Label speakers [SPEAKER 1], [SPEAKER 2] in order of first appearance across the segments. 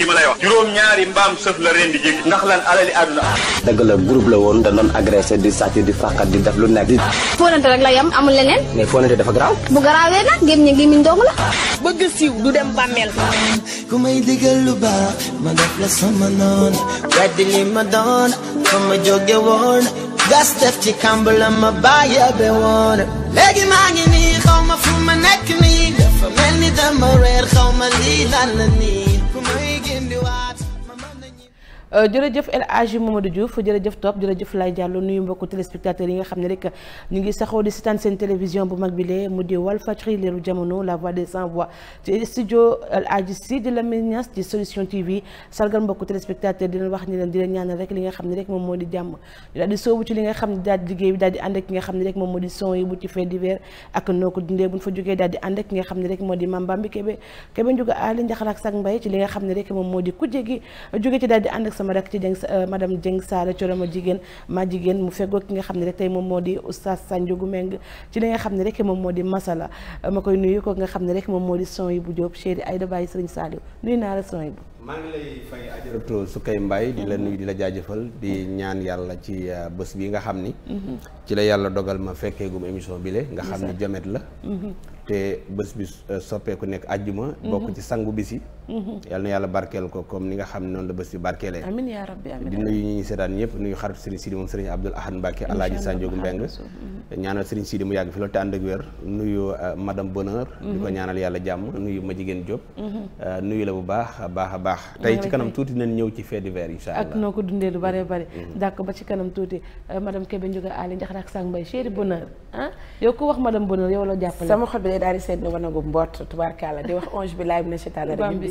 [SPEAKER 1] ki ma lay wax
[SPEAKER 2] juróom ñaari mbaam sëf la ren di ndax lan alali àdduna
[SPEAKER 3] dëgg la groupe la woon da doon agressé di sàcc di fàqat di def lu nekk di fóonante rek la yam amul leneen mais fóonante dafa garaaw bu garaawee nag gém ña miñ dong la bëgg siiw du dem bàmmeel
[SPEAKER 4] ku may digal lu baax
[SPEAKER 5] ma def la sama noon weddi li ma doon fa ma jóge woon gas def ci kàmb la ma bàyyi be woon léegi maa ngi nii fu ma nekk nii dafa mel ni dama reer xaw ma lii lan
[SPEAKER 3] Euh, jërëjëf El Hadji jërëjëf Top jërëjëf Lay Diallo nuyu mbokku téléspectateurs yi nga xam ne rek ñu ngi saxoo di seetaan seen télévision bu mag bi lee mu la voix des sans voix ci studio El Hadji nga xam ne moom moo di jàmm daal di soobu ci li nga xam ne daal di liggéey bi daal di ànd ak nga xam ne rek moom moo di son yi bu ci fait divers ak ak ki nga ci li nga xam ne rek moom moo di kujje gi jóge ci daal di ànd ak sama rek ci Dieng euh, madame Dieng Sall coroma jigéen ma ki nga xam ne rek tey moom moo di oustaz Sanjogu Meng ci li xam ne rek moom moo di masala euh, ma koy nuyu ko nga xam ne rek moom moo di son yi bu Jóob chéri Ayda la son yi bu maa
[SPEAKER 2] ngi lay fay ajaratu Sukay di la nuyu di la jaajëfal di ñaan yàlla ci euh, bés bi nga xam ni mm-hmm. ci la yàlla dogal ma fekkee gum émission bi nga xam ni jomet la mm-hmm. te bés bi soppeeku nekk àjjuma mm-hmm. bokk ci sangu bisi yal na yàlla barkeel ko comme ni nga xam noonu la bés bi barkeelee amiin yaa
[SPEAKER 4] rabbi ñu
[SPEAKER 2] seetaan ñëpp nuyu xaritu Serigne Sidi moom Serigne Abdoul Ahad Mbacke Alaaji Sanjoogu Mbeng ñaanal Serigne Sidi mu yàgg fi loolu te ànd nuyu euh, madame Bonheur di ko mhm. ñaanal yàlla jàmm nuyu ma jigéen Diop mhm. euh, nuyu la bu baax a baax a baax tey ci kanam tuuti nañ ñëw ci fait divers incha allah ak
[SPEAKER 3] noo ko dundee lu bare bare mhm. d'accord ba ci kanam tuuti euh, madame Kébé Ndiouga Ali Ndiakhate ak Sang Mbaye chéri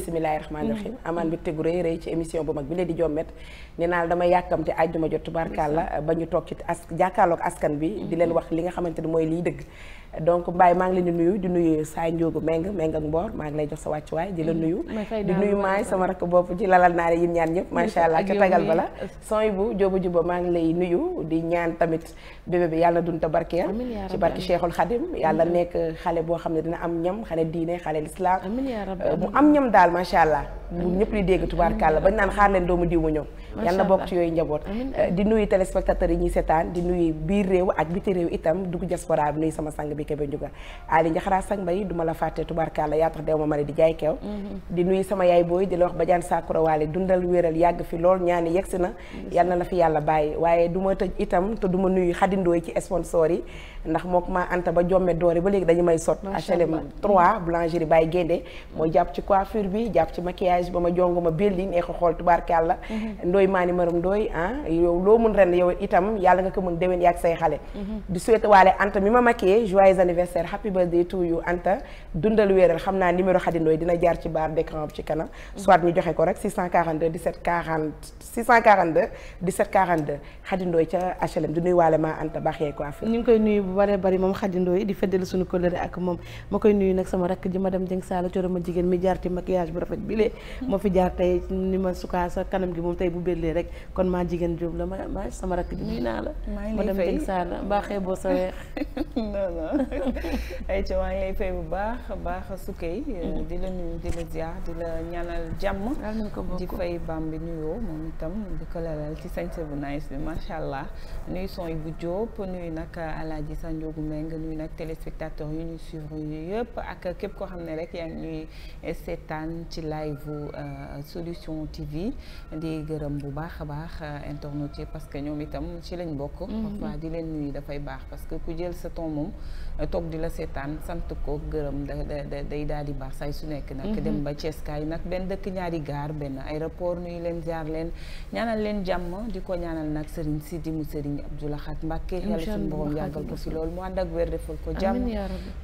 [SPEAKER 3] bisimilahi rahmaani mm-hmm. rahim amaan mm-hmm. bi tegu rëy rëy ci émission bu mag bi leen di jommet ne naa dama yàkkamte àjjuma jot la ba ñu toog ci as jàkkaarloog askan bi di leen mm-hmm. wax li nga xamante ne mooy liy dëgg donc mbaay maa ngi leen di nuyu di nuyu Saa Ndiogu Meng Meng ak Mboor maa ngi lay jox sa wàccuwaay di la mm-hmm. nuyu di nuyu maay sama rakk bopp ci lalal naa yin ñaan ñëpp macha allah ca tagal bala sony bu jóoba juba maa ngi lay nuyu di ñaan tamit bébé bi yàlla dunta ta barkeel ci barke Cheikhul Khadim yàlla nekk xale boo xam ne dina am ñam xale diine xale lislaam mu am ñam daal macha allah bu ñëpp di dégg tubaarkàlla bañ naan xaar leen doomu diw mu ñëw yal na bokk ci yooyu njaboot eh, di nuyu téléspectateurs yi ñuy seetaan di nuyu biir réew ak biti réew itam dugg diaspora bi nuyu sama sang bi Kébé Ndiouga Ali Ndiakhara sang mbay du ma la fàtte tubaarkàlla yaa tax dew ma mane di jaay keew mhm. di nuyu sama yaay booy di la wax bajaan Sakura waale dundal wéeral yàgg fi lool ñaani yegsi na yal na la fi yàlla bàyyi waaye du ma tëj itam te du ma nuyu xadindooy ci sponsor yi ndax moo ko maa anta ba jomme doori ba léegi dañu may sot HLM 3 mhm. boulangerie Baye Guéndé mooy jàpp ci coiffure bi jàpp ci maquillage ba ma jonguma belli neex xool tubaarkàlla mhm. Ndoye Mani Maram Ndoye ah yow loo mun ren yow itam yàlla nga ko mën déwén yaag say xale mhm. di souhaité waale Anta mi ma makkee joyeux anniversaire happy birthday to you Anta dundal wéeral xam naa numéro Khady dina jaar ci barre d'écran ci kanam mhm. moom ma koy nuyu nag sama rakk ji madame Dieng Sall coro ma jigéen mi jaar ci maquillage bu rafet bi ma mhm. fi jaar tey ni ma sukaa sa kanam gi moom tey bu bellee rek kon maa jigéen Jóob la ma maa sama rakk di nuyu naa la. maa ngi lay fay madame boo sa weex.
[SPEAKER 6] non non ayca maa ngi lay fay bu baax baax sukkay mm. di la nuyu di la ziar di la ñaanal jàmm. di fay bam bi nuyoo moom itam di ko lalal ci sañse bu nice bi macha allah nuyu son yi bu Jóob nuyu nag Alaaji Sanjoogu Mbeng nuyu nag téléspectateur yu ñuy suivre yëpp ak képp koo xam ne rek yaa ngi ñuy seetaan ci live euh, Solution TV di gërëm. bu baax a baax euh, internet yi parce que ñoom itam ci lañ bokk mm-hmm. parfois di leen nii dafay baax parce que ku jël sa temps moom toog di la seetaan sant ko gërëm da da day daal di baax say su nekk nag mhm. dem ba Thiès kaay nag benn dëkk ñaari gaar benn aéroport nuyu leen jaar leen ñaanal leen jàmm di ko ñaanal nag Serigne Sidi mu Serigne Abdou Lahad Mbacké yàlla suñu borom yàggal ko fi loolu mu ànd ak wér defal ko jàmm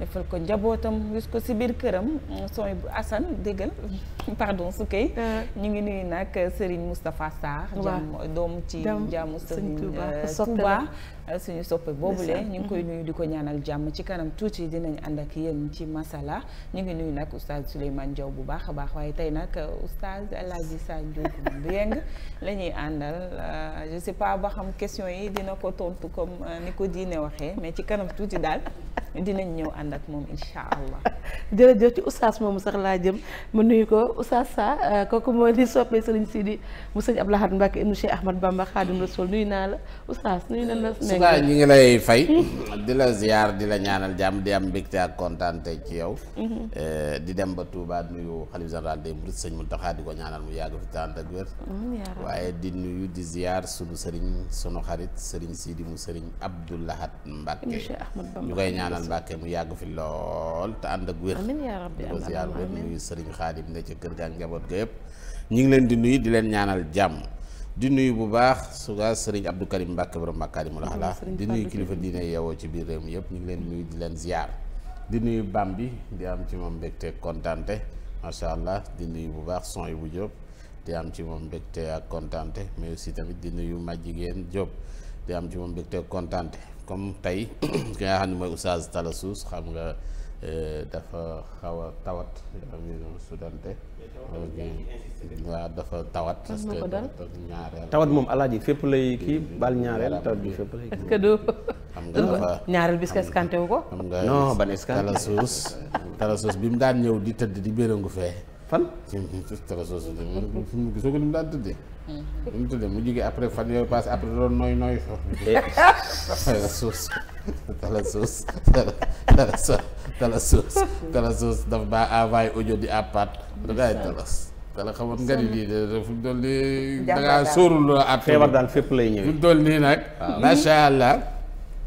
[SPEAKER 6] defal ko njabootam wis ko si biir këram sooy Assane déggal pardon su kay euh. ñu ngi nuyu nag Serigne Moustapha Sarr jàmm doom ci jàmm Serigne Touba euh, suñu soppe boobule ñu ngi koy nuyu di ko ñaanal jàmm ci kanam tuuti dinañ ànd ak yéen ci masala ñu ngi nuyu nag oustaz Souleymane Diaw bu baax a baax waaye tey nag euh, oustaz El Hadji Sa Ndiogou Mbengue la ñuy àndal euh, je sais ba xam question yi dina ko tontu comme euh, ni ko diine waxee mais ci kanam tuuti daal dinañ ñëw ànd ak moom incha allah.
[SPEAKER 3] jërëjëf ci moomu sax laa jëm mu nuyu ko oustaz sa kooku mooy di soppee sëriñ Sidi mu sëñ Abdoul Ahad Mbacké ibnu Cheikh Ahmad Bamba Khadim Rasoul nuyu naa la oustaz nuyu na la. Souga ñu ngi
[SPEAKER 7] lay fay mhm. di la ziar di la ñaanal jàmm di am mbégte ak kontaante ci yow mhm. eh, di dem ba Touba nuyu xalif général des mourides sëñ di ko mu yàgg fi tànd waaye di nuyu di ziar sëriñ sunu xarit sëriñ Sidi sëriñ Abdou Lahad Mbacke ñu koy ñaanal Mbacke mu yàgg fi lool te ànd ak wér di ko ziar wér nuyu sëriñ Xaadim ne ca kër ga njaboot ga yëpp ñu ngi leen di nuyu di leen ñaanal jàmm di nuyu bu baax su gaa sëriñ Abdou Karim Mbàkke borom Makaarimul Axlaaq di nuyu kilifa diine yeewoo ci biir réew mi yëpp ñu ngi leen nuyu di leen ziar di nuyu baam bi di am ci moom mbégte kontante macha allah di nuyu bu baax son yi bu Jóob di am ci moom mbégte ak kontante mais aussi tamit di nuyu ma jigéen Jóob di am ci moom mbégte kontante comme tey ki nga xam ne mooy Oustaz Talla xam nga Euh, dafa xaw a tawat yaram yi doon sudante waaw dafa tawat
[SPEAKER 3] parce que ñaareel
[SPEAKER 7] tawat
[SPEAKER 2] moom alaaji fépp lay kii bal ñaareel tawat bi fépp lay kii xam
[SPEAKER 4] nga dafa ñaareel bis escanté wu ko xam nga non ban
[SPEAKER 7] bi mu daan ñëw di tëdd di béréngu fee fan talasuus soo ko ni mu daan tëddee bu mm-hmm. mu tëddee mu jigee après fan yooyu paase après doon nooy nooy eh. tala suus tala suus tala baa envoyé audio di àppaat dadaay talas tala xamoon nga ni lii de fu daal fépp lay ñëw fu mu nii nag macha allah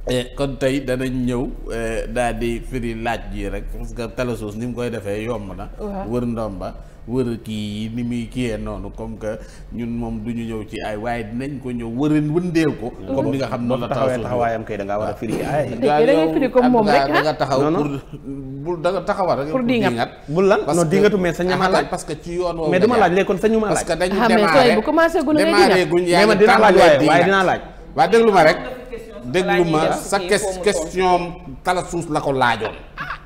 [SPEAKER 7] eh, kon tey danañ ñëw eh, daal di firi laaj yi rek parce que tala ni mu koy defee yomb na wër ndomba wër a kii ni muy kiyee noonu comme que ñun moom du ñu ñëw ci ay waaye dinañ ko ñëw wërin wëndeel ko comme li nga xam noonu la taxawee taxawaayam
[SPEAKER 2] kay da war a firi
[SPEAKER 7] ah. ay da ngay firi comme moom rek da nga taxaw pour
[SPEAKER 2] bul da lan non dingatu mais sa ñama laaj parce que ci yoon woowu mais dama laaj léegi kon sa ñu ma laaj parce dañu ah,
[SPEAKER 3] démarré bu commencé gu ngay dingat laaj
[SPEAKER 2] waaye dinaa laaj waaye déglu ma rek
[SPEAKER 7] déglu ma sa question kalasuus la ko laajoon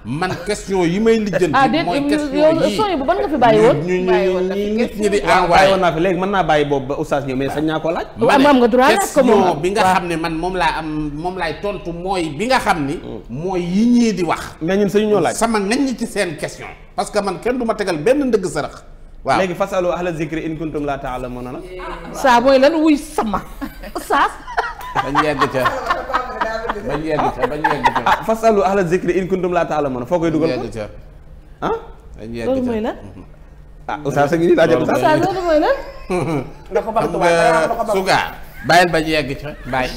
[SPEAKER 7] man question yi may
[SPEAKER 5] lijjanti ah, mooy question yi bu lijjan nga fi bàyyi woon
[SPEAKER 2] ñu ñu nit ñi di naa fi léegi mën naa bàyyi boobu ba oustaz ñëw mais sañ naa ko laaj am nga droit laaj ko moom bi nga xam ne man moom laa am
[SPEAKER 7] moom laay tontu mooy bi nga xam ni mm. mooy yi ñii di wax mais ñun sañu ñoo laaj sama ngañ ci seen
[SPEAKER 2] question parce que man kenn du ma tegal benn ndëgg sarax waaw léegi fasalu ahla zikri in kuntum laa taalamuuna nag eh,
[SPEAKER 3] ah. saa mooy lan wuy sama
[SPEAKER 6] oustaz
[SPEAKER 2] bañ yegg ca
[SPEAKER 5] bañ yegg ca bañ yegg
[SPEAKER 2] ca ah fasalu ahla zikri in kuntum laa ta'lamuun foo koy dugal ko ah bañ yegg ca loolu mooy lan ah oustaz a da
[SPEAKER 7] ko baax sugaar bàyyil bañ yegg ca bàyyi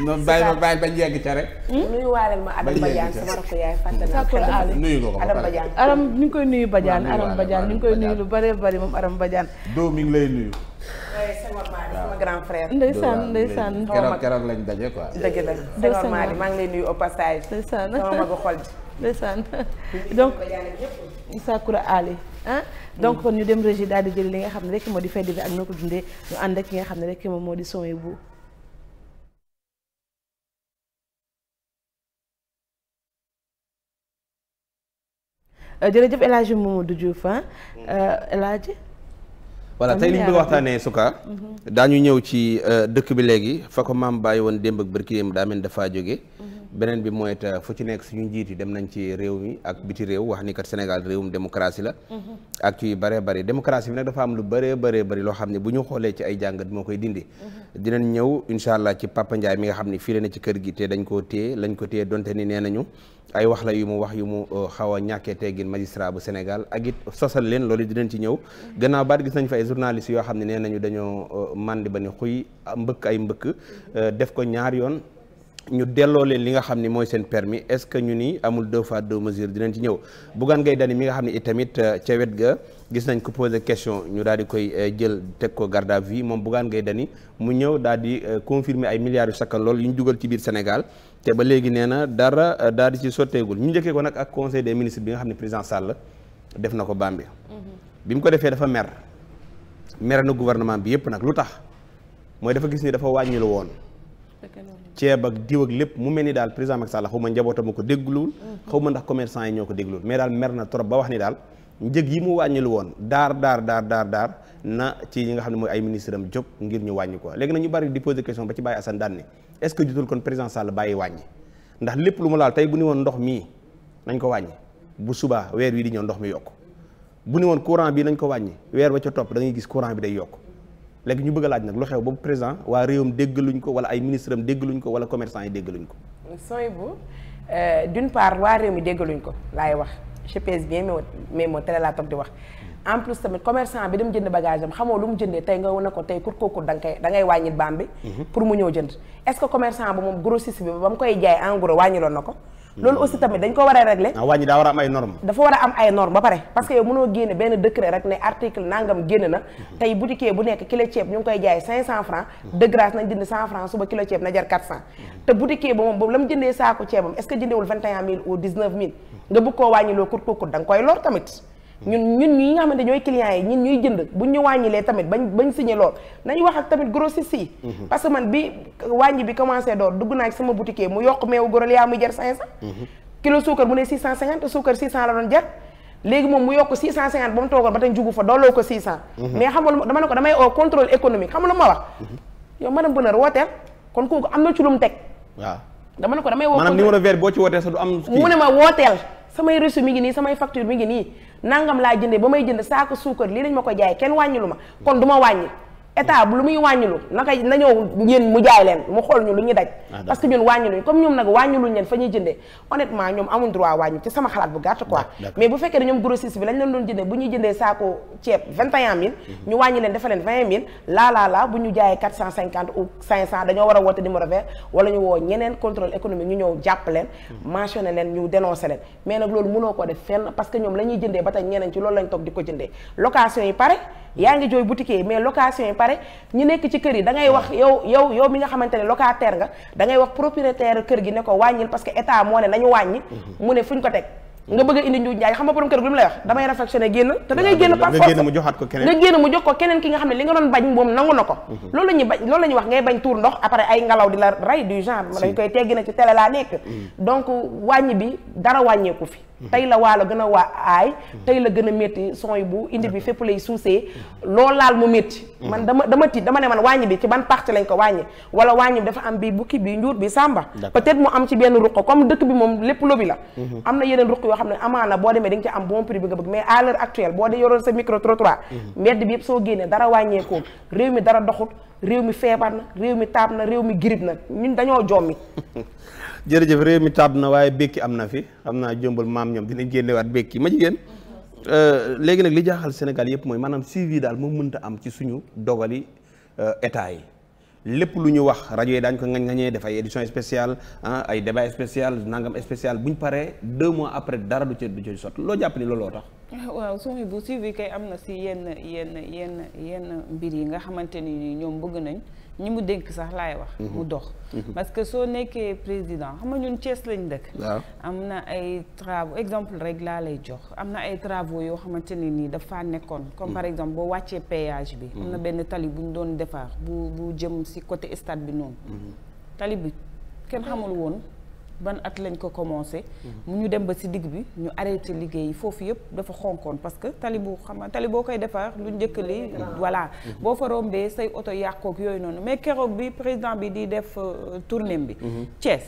[SPEAKER 7] noonu bàyyi bañ yegg ca rek
[SPEAKER 3] hmm? nuyu waaleel ma Adam Badiane sama rakk yaay fàttali nuyu ko Adam ngi koy nuyu Badiane Adam Badiane ñu ngi koy nuyu lu bare bari moom Adam Badiane doo mi ngi lay nuyu Eh, sama grand frère. ndeysaan ndeysaan keroog
[SPEAKER 7] keroog lañ daje quoi. dëgg la
[SPEAKER 3] Senghor Mali maa ngi lay nuyu au passage. ndeysaan sama magu xol ji. ndeysaan donc Sakura Ali ah donc mm. kon ñu dem régie daal di jël li nga xam ne rek moo di fay bi ak noo ko dundee ñu ànd ak ki nga xam ne rek moom moo di son bu euh, jërëjëf El Hadj Mamadou Diouf ah mm. euh, El Hadj voilà tey li ñu bëgg waxtaanee
[SPEAKER 2] suka mhm. daañu ñëw ci euh, dëkk bi léegi fa ko maam bàyyi woon démb ak barki démb daa mel dafaa jóge mhm. beneen bi mooy it fu ci nekk suñu njiit dem nañ ci réew mi ak biti réew wax ni kat Sénégal réewum démocratie la mhm. ak ci yu bëree bëri démocratie bi nag dafa am lu bëree bëree bëri loo xam ne bu ñu xoolee ci ay jàngat moo koy dindi dinañ ñëw incha allah ci Papa Ndiaye mi nga xam ne fii la ci kër gi te dañ ko téye lañ ko téye donte ni nee nañu ay wax la yu mu wax yu mu euh, xaw a ñàkkee teggin magistrat bu Sénégal ak it sosal leen loolu dinañ ci ñëw gannaaw baat gis nañ fa ay journalistes yoo xam ne nee nañu dañoo euh, màndi ba ni xuy mbëkk ay mbëkk euh, def ko ñaar yoon ñu delloo leen li nga xam ne mooy seen permis est-ce que ñu ni amul deux fois deux mesures dinañ ci ñëw Bougane Gueye Dany mi nga xam ne itamit ca wet ga gis nañ ko posé question ñu daal di koy jël teg ko garde à vue moom Bougane gay Dany mu ñëw daal di confirmer ay milliards yu lool yu ñu dugal ci biir Sénégal te ba léegi nee na dara euh, daal di ci sotteegul ñu njëkkee ko nag ak conseil des ministre bi nga xam ne président Sall def na ko baam
[SPEAKER 4] mm-hmm.
[SPEAKER 2] bi bi mu ko defee dafa mer mer na gouvernement bi yëpp nag lu tax mooy dafa gis ni dafa wàññi woon. ceeb ak diw ak lépp mu mel ni daal président Macky Sall xaw ma njabootam ko dégluwul. Mm-hmm. xaw ma ndax commerçant yi ñoo ko dégluwul mais daal mer na trop ba wax ni daal njëg yi mu wàññilu woon daar daar daar daar daar na ci yi nga xam ne mooy ay ministre am jóg ngir ñu wàññi ko léegi na ñu ba ci bàyyi est-ce que jotul kon président Sall bàyyi wàññi ndax lépp lu mu laal tey bu ni woon ndox mii nañ ko wàññi bu suba weer wi di ñëw ndox mi yokk bu ni woon courant bi nañ ko wàññi weer wa ca topp da gis courant bi day yokk léegi ñu bëgg laaj nag lu xew boobu président waa réewam déggaluñ ko wala ay ministre am déggaluñ ko wala commerçant yi déggaluñ ko
[SPEAKER 3] sooy bu euh, d'une part waa réew mi déggaluñ ko laay wax je pèse bien mais mots très laa toog di wax en plus tamit commerçant bi dem jënd bagage am xamoo lu mu jëndee tey nga wane ko tey kur kookur da nga koy da ngay wàññil baam bi mhm. pour mu ñëw jënd est ce a ah, a
[SPEAKER 2] am
[SPEAKER 3] a am ay norme ba pare parce que yow mënoo génne benn ne na mhm. tey boutique bu nekk kilo ceeb ñu ngi koy jaay cinq cent francs mhm. de grâce nañ jënd cent francs suba kilo ceeb na jar quatre cent te boutique tamit ñun ñun ñi nga xamante ñooy clients yi ñun ñuy jënd buñ ñu wàññilee tamit ba bañ signé lool nañu wax ak tamit grossiste yi mhm. parce que man bi wàññi bi commencé door dugg naa ci sama boutique mu yokk meewu góoral yaa muy jar cinq cent mhm. kilo suukar mu ne six cent cinquante suukar six cent la doon jar léegi moom mu yokk 650 ba mu toogoon ba tey jugu dooloo ko 600. Mhm. mais xam nga dama ne ko damay au contrôle économique xam ma wax. yow madame Bonheur wooteel kon kooku am na ci lu mu teg. waaw dama ne boo ci wootee sax ngi nii samay facture mi ngi nii nangam laa jëndee ba may jënd saako suukar lii lañ ma ko jaay kenn wàññilu ma kon du ma wàññi état bu lu muy wàññilu naka na ñëw yéen mu jaay leen mu ñuy daj ah, parce que ñun wàññiluñ comme ñoom nag wàññiluñ leen fa ñuy jëndee honnêtement ñoom amuñ droit wàññi ci sama xalaat bu gàtt quoi mais bu fekkee ne ñoom grossiste bi lañ leen doon jëndee bu ñuy mhm. ñu wàññi leen bu ñu jaayee quatre cent cinquante ou cinq cent dañoo war a woote numéro vert wala ñu woo ñeneen contrôle économique ñu ñëw jàpp leen mhm. mentionné leen ñu dénoncé leen mais nag loolu mënoo ko def fenn parce que ñoom la ñuy jëndee ba tey ñeneen ci loolu lañ toog di ko jëndee location yi pare yaa ngi jooy boutique yi mais location yi pare ñu nekk ci kër yi da ngay wax mm. yow yow yow mi nga xamante ne locataire nga da ngay wax propriétaire kër gi ne ko wàññil parce que état moo ne nañu wàññi mm-hmm. mu ne fuñ ko teg nga bëgg a indi njuuj njaay xam nga borom kër gi lu mu lay wax damay réflexionné génn te da ngay génn par force mu
[SPEAKER 2] joxaat ko keneen nga génn
[SPEAKER 3] mu jox ko keneen ki nga xam ne li nga doon bañ moom nangu na ko mm-hmm. loolu la bañ loolu la wax ngay bañ tuur ndox après ay ngalaw di la rey du genre dañ koy teggi na ci télé laa nekk mm. donc wàññi bi dara wàññeeku fi tey la waalo gën a waa ay tey la gën a métti son yi bu indi bi fépp lay suusee loolu laal mu metti man dama dama tiit dama ne man wàññi bi ci ban parti lañ ko wàññi wala wàññi bi dafa am bi bukki bi njuur bi sàmba peut-être mu am ci benn ruq comme dëkk bi moom lépp lobi la mhm. am na yeneen ruq yoo xam ne amaana boo demee dañ ci am bon prix bi nga bëgg mais à l'heure actuelle boo dee yoroon sa micro trottoir mhm. mbedd bi yëpp soo génnee dara wàññeekoo réew mi dara doxut réew mi feebar réew mi taab na réew mi girib na ñun dañoo jommi
[SPEAKER 2] jërëjëf réew mi taab na waaye békki am na fi xam naa jëmbal maam ñoom dinañ génnewaat békki ma jigéen euh, léegi nag li jaaxal Sénégal yëpp mooy maanaam suivi daal moo mënta am ci suñu dogali euh, état yi lépp lu ñu wax rajo yi daañu ko ngañ ngañee def ay édition spéciale ah ay débat spécial nangam spécial bu ñu paree deux mois après dara du ca du ca sotti loo jàpp ni looloo tax.
[SPEAKER 6] waaw suñu bu suivi kay am na si yenn yenn yenn yenn mbir yi nga xamante ni ñoom bëgg nañ. ñi mu dénk sax laay wax. Mhm. mu dox. Mhm. parce que soo nekkee président xam nga ñun Thiès lañ dëkk. am na ay travaux exemple rek laa lay jox am na ay travaux yoo xamante ni nii dafa nekkoon. comme mhm. par exemple boo wàccee péage bi. am na benn tali bu ñu doon defar bu bu jëm si côté stade bi noonu. tali bi kenn xamul woon. ban at lañ ko commencé. Mhm. mu ñu dem ba si digg bi ñu arrêté liggéey yi foofu yëpp dafa xonkoon parce que tali bu xam tali boo koy defar lu njëkk li voilà mhm. boo fa rombee say oto yàqook yooyu noonu mais keroog bi président bi di def euh, tournée bi. Mhm. Thiès.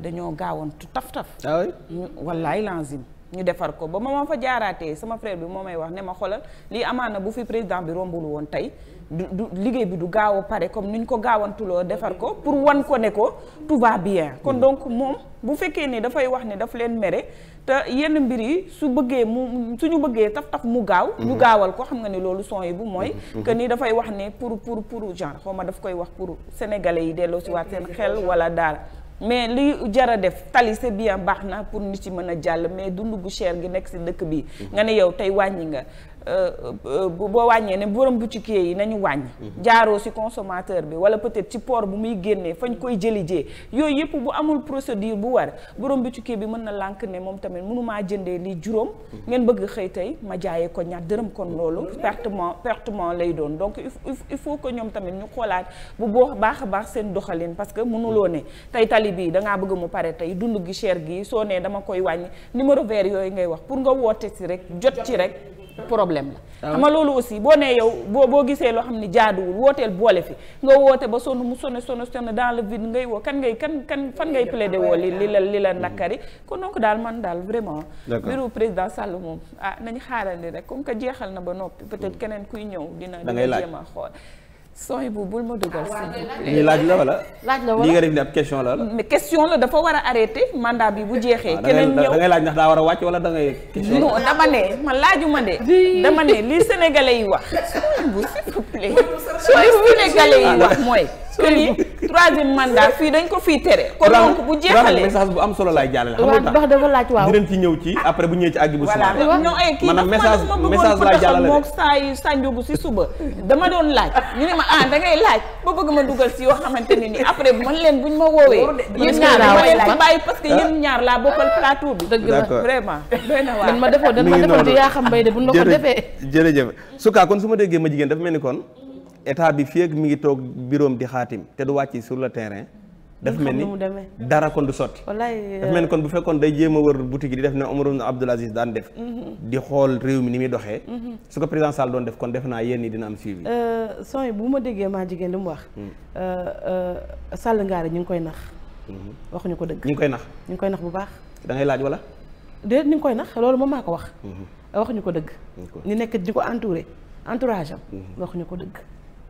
[SPEAKER 6] dañoo gaawoon taf taf. ah oui wallaay lanzim ñu defar ko ba ma ma fa jaaraatee sama frère bi moo may wax ne ma xolal lii amaana bu fi président bi rombul woon tey. du liggéey bi du gaaw a pare comme ni ñu ko gaawantuloo defar ko pour wan ko ne ko tout bien kon mm. donc moom bu fekkee ne dafay wax ne daf leen mere te yenn mbir yi su bëggee mu ñu bëggee taf taf mu gaaw mm. ñu gaawal ko xam nga ne loolu son yi bu mooy mm-hmm. que nii dafay wax ne pour pour pour genre xaw ma daf koy wax pour sénégalais yi delloo si waat seen xel wala daal mais li jara def tali c'est bien baax na pour nit ci mën a jàll mais dund gu cher gi nekk si dëkk bi mm-hmm. nga ne yow tey wàññi nga boo wàññee ne borom boutiquier yi nañu wàññ mhm. jaaroo ci consommateur bi wala peut-être ci port bu muy génnee fañ koy jëli jee yooyu yëpp bu amul procédure bu war borom kii bi mën na lànk ne moom tamit mënumaa jëndee lii juróom mhm. ngeen bëgg xëy tey ma jaayee ko ñaar dërëm kon loolu pertement pertement lay doon donc il faut que ñoom tamit ñu xoolaat bu boo baax a baax seen doxalin parce que mënuloo ne tey tali bii dangaa bëgg mu pare tey dund gi cher gi soo nee dama koy wàññi numéro vert yooyu ngay wax pour nga woote ci rek jot ci rek problème la xam ah nga loolu aussi boo nee yow boo boo gisee loo xam ne jaaduwul wooteel boole fi nga woote ba sonn mu sonn sonn sonn dans le vide ngay woo kan ngay kan kan fan ngay plaider woo li li la li la nakkari kon donc daal man daal vraiment mbiru président Sall moom ah nañu nañ xaarandi rek comme que jeexal na ba noppi peut-être mm. keneen kuy ñëw dina dina jéem a xool sooy bu bul ma dugal si. laaj la wala. laaj la wala li nga def
[SPEAKER 2] ni ab question la wala.
[SPEAKER 6] question la dafa war a arrêté mandat bi bu jeexee. Ah, keneen ñëw
[SPEAKER 2] da laaj ndax daa war a wàcc wala da ngay. question non
[SPEAKER 6] dama ne ma laajuma de. dama ne li Sénégalais yi wax. sooy bu s'il vous plaît. sooy bu Sénégalais yi ah, wax mooy. que ni fii dañ ko fii tere. kon donc bu jeexalee message
[SPEAKER 2] bu am solo laay jàllale. xam nga tax
[SPEAKER 3] dafa
[SPEAKER 6] laaj
[SPEAKER 2] waaw dinañ ci ñëw ci ah. après eh,
[SPEAKER 6] ne ma ah da ngay laaj ba bëgg ma dugal si yoo xamante ne ni après man leen buñ ma woowee. yéen ñaar
[SPEAKER 3] dama leen si bàyyi
[SPEAKER 6] parce que ah. yéen ñaar laa bokkal plateau bi. dëgg la vraiment. doy na waar man ma defoo de ma defoo de yaa xam mbay de buñ la ko defee.
[SPEAKER 2] jërëjëf su kaa kon su ma déggee ma jigéen dafa mel ni kon état bi fii ak mi ngi toog buroom di xaatim te du wàcc sur le terrain. dafa mel ni mu dara kon du sot
[SPEAKER 4] wallaay dafa mel ni kon
[SPEAKER 2] bu fekkoon day jéem a wër boutique di def ne Omar ibn Abdoul Aziz daan def. Mhm. di xool réew mi ni muy doxee. Mhm. su ko président Sall doon def kon def naa yéen ñi dina am suivi.
[SPEAKER 3] Euh, son yi bu ma déggee maa jigéen li mu wax. Hmm. Euh, euh, Sall ngaari ñu ngi koy nax. Mhm. waxuñu ko dëgg. ñu ngi koy nax ñu ngi koy nax bu baax. da ngay laaj wala. déet ñu ngi koy nax loolu moom maa ko wax. waxuñu ko dëgg. ñu nekk di ko entouré entourage am. waxuñu ko dëgg.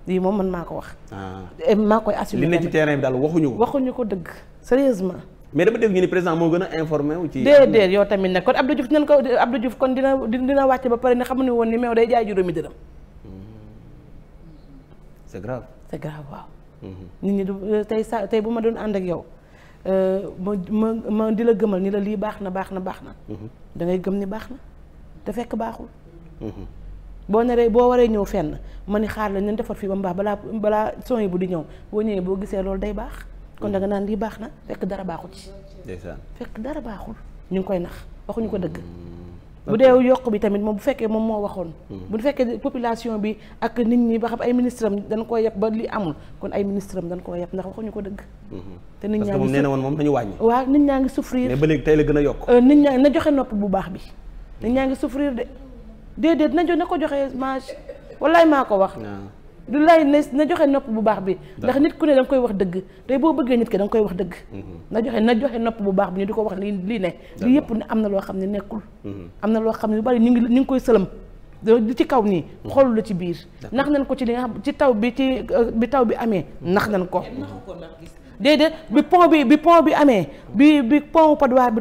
[SPEAKER 3] lii moom man maa ko wax. Ah. maa koy assuré. li ne ci
[SPEAKER 2] terrain bi daal waxuñu ko.
[SPEAKER 3] waxuñu ko dëgg sérieusement.
[SPEAKER 2] mais dama dégg ñu ni président moo gën a informé wu ci. déedéet
[SPEAKER 3] yow tamit nag kon Abdou Diouf ko Abdou Diouf kon dina dina wàcc ba pare ne xamuñu woon ni meew day jaay juróomi dërëm. Hmm. c'est grave. c'est grave waaw. Hmm. nit ñi du tey sa tey bu ma doon ànd ak yow euh, ma ma ma di la gëmal ni la lii baax na baax na baax na. Hmm. dangay gëm ni baax na te fekk baaxul. boo naree boo waree ñëw fenn ma ni xaar la ñu defar fii ba mu baax balaa balaa son yi bu di ñëw boo ñëwee boo gisee loolu day baax kon da nga naan lii baax na fekk dara baaxul ci. fekk dara baaxul ñu ngi koy nax waxuñu ko dëgg. Hmm. bu dee yokk bi tamit moom bu fekkee moom moo waxoon. Hmm. bu fekkee population bi ak nit ñi ba xam ay ministre am koo yeb ba li amul kon ay ministre am dañ koo yeb ndax waxuñu ko dëgg.
[SPEAKER 4] Hmm. te nit ñaa ngi parce que woon moom
[SPEAKER 2] dañu wàññi.
[SPEAKER 3] waaw nit ñaa ngi souffrir mais ba
[SPEAKER 2] léegi tey la gën a yokk.
[SPEAKER 3] Euh, nit ñaa na joxe nopp bu baax bi. déedéet na jo na ko joxe mange wallaay maa ko wax ah. du lay na joxe nopp bu baax bi ndax nit ku ne da koy wax dëgg tey boo bëggee nit ki danga koy wax dëgg mhm. na joxe na joxe nopp bu baax bi ñu di ko wax lii lii ne lii yëpp am na loo xam ne nekkul mhm. am na loo xam ne lu bari ñu ngi ñu ngi koy sëlëm di ci kaw nii mhm. xoolu la ci biir nax nañ ko ci li nga ci taw bi ci euh, bi taw bi amee nax nañ ko déedéet bi pont bi bi pont bi amee bi bi pont Padois bi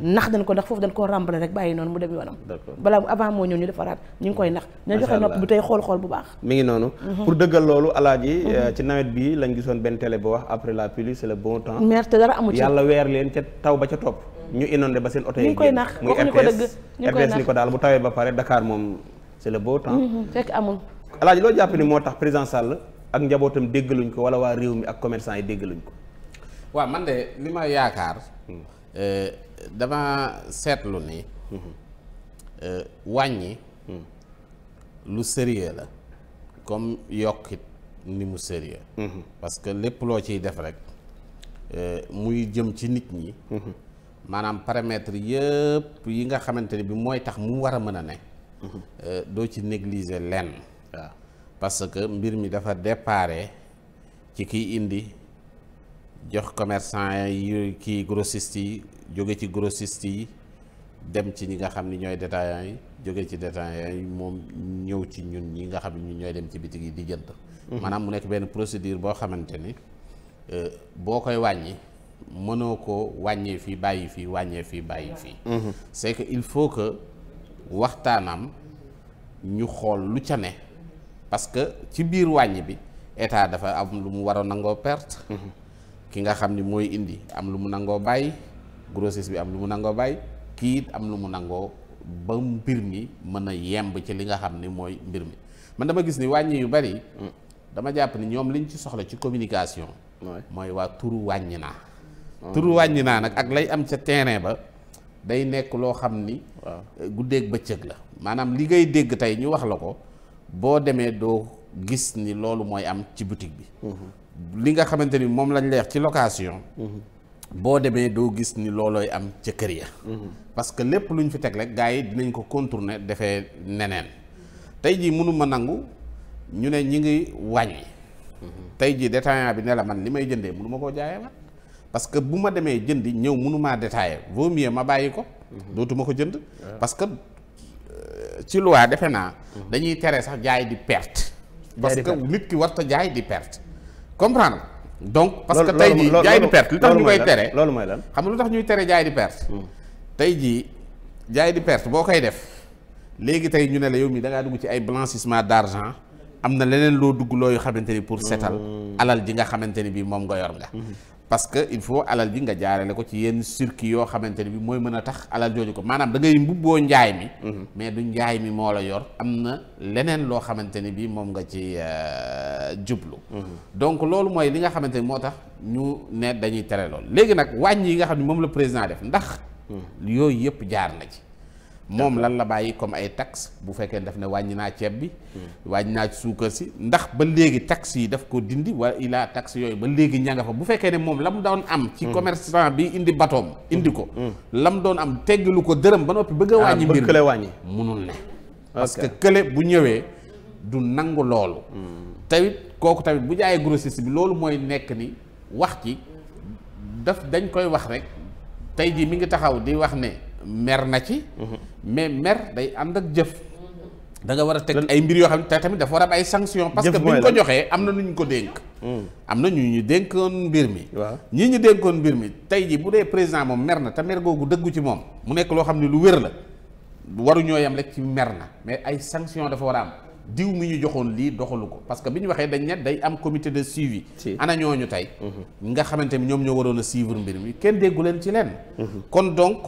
[SPEAKER 3] nax dañ ko ndax foofu dañ koo rambale rek bàyyi noonu mu dem yoonam balaa avant moo ñëw ñu defaraat ñu ngi koy nax ñu joxe xool bu baax
[SPEAKER 2] mi ngi noonu mhm. pour dëggal loolu alaaji mhm. euh, bi lañ gisoon benn télé ba wax la pluie c'est le bon temps mer
[SPEAKER 3] te dara amu yàlla
[SPEAKER 2] weer leen ca taw ba ca topp ñu inondé ba seen oto yi ñu koy nax muy RTS ni ko daal bu tawee ba pare Dakar moom c'est le beau temps mhm, fekk amul alaaji loo jàpp ni moo tax président Sall ak njabootam déggaluñ ko wala waa réew mi ak commerçant yi déggaluñ ko.
[SPEAKER 7] waaw man de li ma yaakaar. Hmm.
[SPEAKER 2] Euh, dama seetlu ni. Hmm.
[SPEAKER 7] Euh, wàññi. lu sérieux la. comme yokkit ni mu sérieux hmm. parce que lépp loo ciy def rek euh, muy jëm ci nit ñi. maanaam paramètres yëpp yi nga xamante ne bi mooy tax mu war a mën a ne. doo ci négliger lenn. parce que mbir mi dafa déparé ci kiy indi jox commerçant yi kii grossiste yi jóge ci grossiste yi dem ci ñi nga xam ni ñooy détaillants yi jóge ci détaillants yi moom ñëw ci ñun ñi nga xam ne ñun ñooy dem ci bitig yi di jënd. Mhm. maanaam mu nekk benn procédure boo xamante ni euh, boo koy wàññi mënoo ko wàññee fii bàyyi fii wàññee fii bàyyi fii. Mhm. c'est que il faut que waxtaanam ñu xool lu ca ne. parce que ci biir wàññi bi état dafa am lu mu war nangoo perte. Mhm. ki nga xam ni mooy indi am lu mu nangoo bàyyi grossesse bi am lu mu nangoo bàyyi kii am lu mu nangoo ba mbir mi mën a yemb ci li nga xam ni mooy mbir mi man dama gis ni wàññi yu bari. Mm. dama jàpp ni ñoom liñ ci soxla ci communication. mooy waa turu wàññi naa. Oh. turu wàññi naa nag ak lay am ca terrain ba. day nekk loo xam ni. ba bëccëg la maanaam li ngay dégg tey ñu wax la ko. boo demee doo gis ni loolu mooy am ci boutique bi.
[SPEAKER 4] Mhm.
[SPEAKER 7] li nga xamante ni moom lañ leex ci location. Mhm. boo demee doo gis ni loolooy am ca kër ya. Mhm. parce que lépp lu ñu fi teg rek gars yi dinañ ko contourner defee neneen. tey jii mënuma nangu ñu ne ñi ngi wàññi. tey jii détaillant bi ne la man li may jëndee mënu ma koo jaayee man parce que bu ma demee jëndi ñëw mënu maa détaillé ma bàyyi ko. dootuma ko jënd parce ci loi defe naa. Mhm. dañuy tere sax jaay di perte. parce que nit ki warta jaay di perte. comprendre donc parce que tey jii jaay di perte lu tax ñu tere loolu mooy lan xam nga lu tax ñuy tere jaay di perte. Mhm. tey jii jaay di perte boo koy def léegi tey ñu ne la yow mii da ngaa dugg ci ay blanchissement d'argent am na leneen loo dugg looyu xamante ni pour setal mhm. alal ji nga xamante ni bii moom nga yor nga parce que il faut alal ji nga jaarale ko ci yenn circuit yoo xamante ne bi mooy mën a tax alal jooju ko maanaam da ngay mbubboo njaay mi mhm. mais du njaay mi moo la yor am na leneen loo xamante ni bi moom nga ci euh, jublu mhm. donc loolu mooy li nga xamante ni moo tax ñu ne dañuy tere lool léegi nag wàññi yi nga xam ne moom la président def ndax mhm. yooyu yëpp jaar na ci moom lan la bàyyi comme ay taxes bu fekkee daf ne wàññi naa ceeb bi. Hmm. wàññi naa suukar si ndax ba léegi taxes yi daf ko dindi wala ilaa taxes yooyu ba léegi ña nga fa bu fekkee ne moom la doon am. ci hmm. commerçant bi indi batoom hmm. indi ko. la doon am teggilu ko dërëm ba noppi bëgg a. Ah, wàññi mbir mi munul ne. parce que kële bu ñëwee du nangu loolu. tamit kooku tamit bu jaayee grossiste bi loolu mooy nekk ni wax ci daf dañ koy wax rek tey jii mi ngi taxaw di wax ne mer na ci. mais mer day ànd ak jëf. da nga war a teg ay mbir yoo xam ne tamit dafa war a am ay sanction parce que bu ñu ko joxee am na nu ñu ko dénk. Hmm. am na ñu ñu dénkoon mbir mi. waaw ñii ñu dénkoon mbir mi tey ji bu dee président moom mer na te mer googu dëggu ci moom mu nekk loo xam ne lu wér la waru waruñoo yam rek ci mer na mais ay sanction dafa war a am. diw mi ñu joxoon lii doxalu ko parce que bi ñu waxee dañ ne day am comité de suivi. ana ñooñu tey. Hmm. nga xamante ni ñoom ñoo waroon a suivre mbir mi kenn déggu leen ci leen. Hmm. kon donc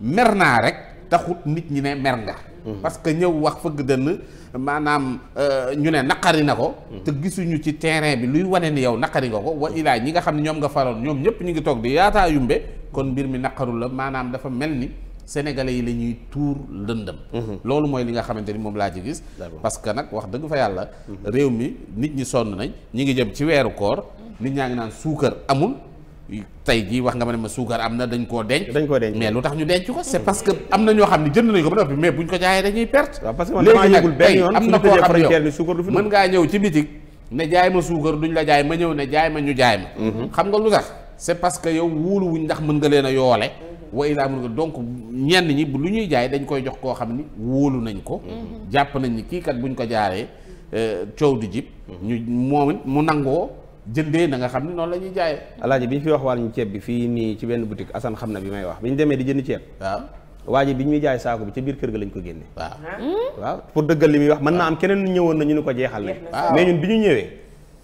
[SPEAKER 7] mer naa rek. taxut nit ñi ne mer nga mhm. parce que ñëw wax fëgg dënn maanaam euh, ñu ne naqari na ko mhm. te gisuñu ci terrain bi luy wane ni yow naqari nga ko wa ilaa ñi nga xam ne ñoom nga faroon ñoom ñëpp ñu ngi toog di yaataa yumbe kon mbir mi naqaru la maanaam dafa mel ni sénégalais yi la ñuy tuur lëndëm mhm. loolu mooy li nga xamante ni moom laa ci gis parce que nag wax dëgg fa yàlla réew mi nit ñi sonn nañ ñi ngi jëm ci weeru koor nit ñaa ngi naan suukar amul tey jii wax nga ma ne ma suukar am na dañ koo denc. dañ koo denc mais lu tax ñu denc ko c'est parce que am na ñoo xam ne jënd nañ ko ba noppi mais buñ ko jaayee dañuy perte. waaw parce que man damaa yëgul benn yoon ne jaay ma suukar duñ la jaay ma ñëw ne jaay ma ñu jaay mhm. xam nga lu tax c'est parce que yow wóolu wuñ ndax mën nga leen a yoole. wa ilaa mun nga donc ñenn ñi bu lu ñuy jaay dañ koy jox koo xam ni wóolu nañ ko. Mhm. jàpp nañ ni kii kat buñ ko jaaree euh, coow di jib. Mhm. ñu
[SPEAKER 2] moom mu nangoo jëndee na nga xam ne noonu la jaay jaayee. alaaji bi ñu fi wax wàllu ceeb bi fii nii ci benn boutique asan xam na bi may wax bi ñu demee di jënd ceeb. waaw waa ñuy jaay saako bi ca biir kër ga lañ ko génne. waaw hmm? waaw pour dëggal li muy wax mën naa am keneen ñëwoon na ñu ni ko jeexal ne mais ñun bi ñu ñëwee.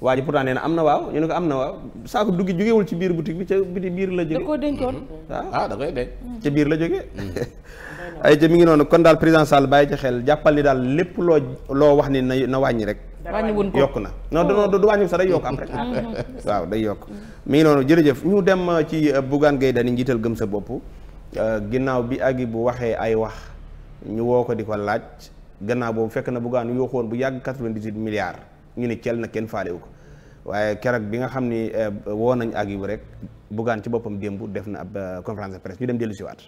[SPEAKER 2] waa ji pourtant nee na am na waaw ñu ne ko am na waaw saako duggi jógewul ci biir boutique bi ca biir la jóge da koo dencoon waaw ah, da koy denc ca biir la jógee hmm. ay ca mi ngi noonu kon daal président Sall bàyyi ci xel jàppal ni daal lépp loo loo wax ni na na wàññi rek wàññiwul ko yokk na oh. non non du wàññiwul sax
[SPEAKER 4] day yokk après. Mm-hmm.
[SPEAKER 2] waaw day yokk mi ngi noonu jërëjëf ñu dem uh, ci uh, Bougane Gueye Dany njiital gëm sa bopp uh, ginnaaw bi agi bu waxee ay wax ñu woo ko di ko laaj gannaaw boobu fekk na Bougane xool bu yàgg 98 milliards ñu ne cel na kenn faalewu ko waaye keroog bi nga xam ni woo nañ agi bu rek Bougane ci boppam démb def na ab conférence de presse ñu dem dellu si waat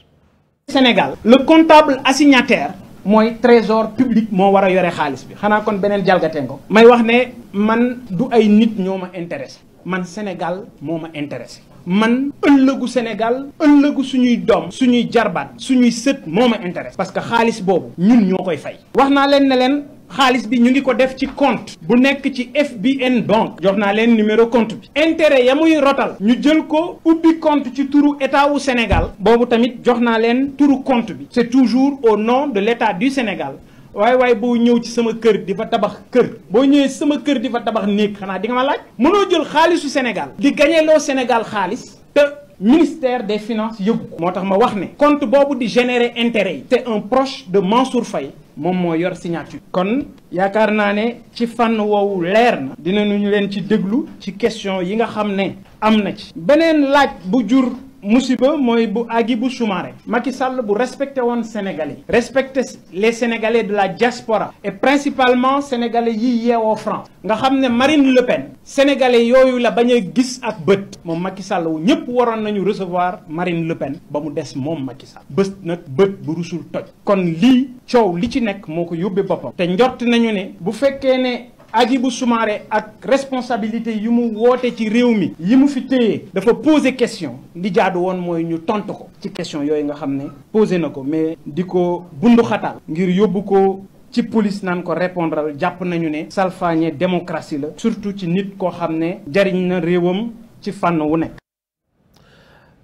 [SPEAKER 5] Sénégal le comptable assignataire mooy trésor public moo war a yore xaalis bi xanaa kon beneen jalgatee nga may wax ne man du ay nit ñoo ma intéressé man Sénégal moo ma intéressé man ëllëgu Sénégal ëllëgu suñuy doom suñuy jarbaat suñuy sët moo ma intéressé parce que xaalis boobu ñun ñoo koy fay wax naa leen ne leen xaalis bi ñu ngi ko def ci compte bu nekk ci FBN banque jox naa leen numéro compte bi intérêt ya muy rotal ñu jël ko ubbi compte ci turu état wu Sénégal boobu tamit jox naa leen tour compte bi c'est toujours au non de l'état du Sénégal waaye waaye boo ñëw ci sama kër di fa tabax kër boo ñëwee sama kër di fa tabax néeg xanaa di nga ma laaj mënoo jël xaalisu Sénégal di gañeloo Sénégal xaalis te ministère des finances yëgu ko moo tax ma wax ne compte boobu di générer intérêt yi c'est un proche de Mansour Faye moom moo yor signature kon yaakaar naa ne ci fànn woowu leer na dinañu leen ci déglu ci question yi nga xam ne am na ci beneen laaj bu jur musiba mooy bu Hadjibou Soumaré Macky Sall bu respecté woon Sénégalais respecte les Sénégalais de la diaspora et principalement Sénégalais yi yeewoo France nga xam ne Marine Le Pen Sénégalais yooyu la bañ a gis ak bët moom Macky Sall wu ñëpp waroon nañu recevoir Marine Le Pen ba mu des moom Macky Sall bés nag bët bu rusul toj kon lii coow li ci nekk moo ko yóbbee boppam te njot nañu ne bu fekkee ne Hadjibou Soumaré ak responsabilité yi mu woote ci réew mi yi mu fi téye dafa poser question li jaadu woon mooy ñu tontu ko ci question yooyu nga xam ne posé na ko mais di ko bunduxatal ngir yóbbu ko ci police naan ko répondre jàpp nañu ne salfaañe démocratie la surtout ci nit koo xam ne jariñ na réewam ci fànn wu nekk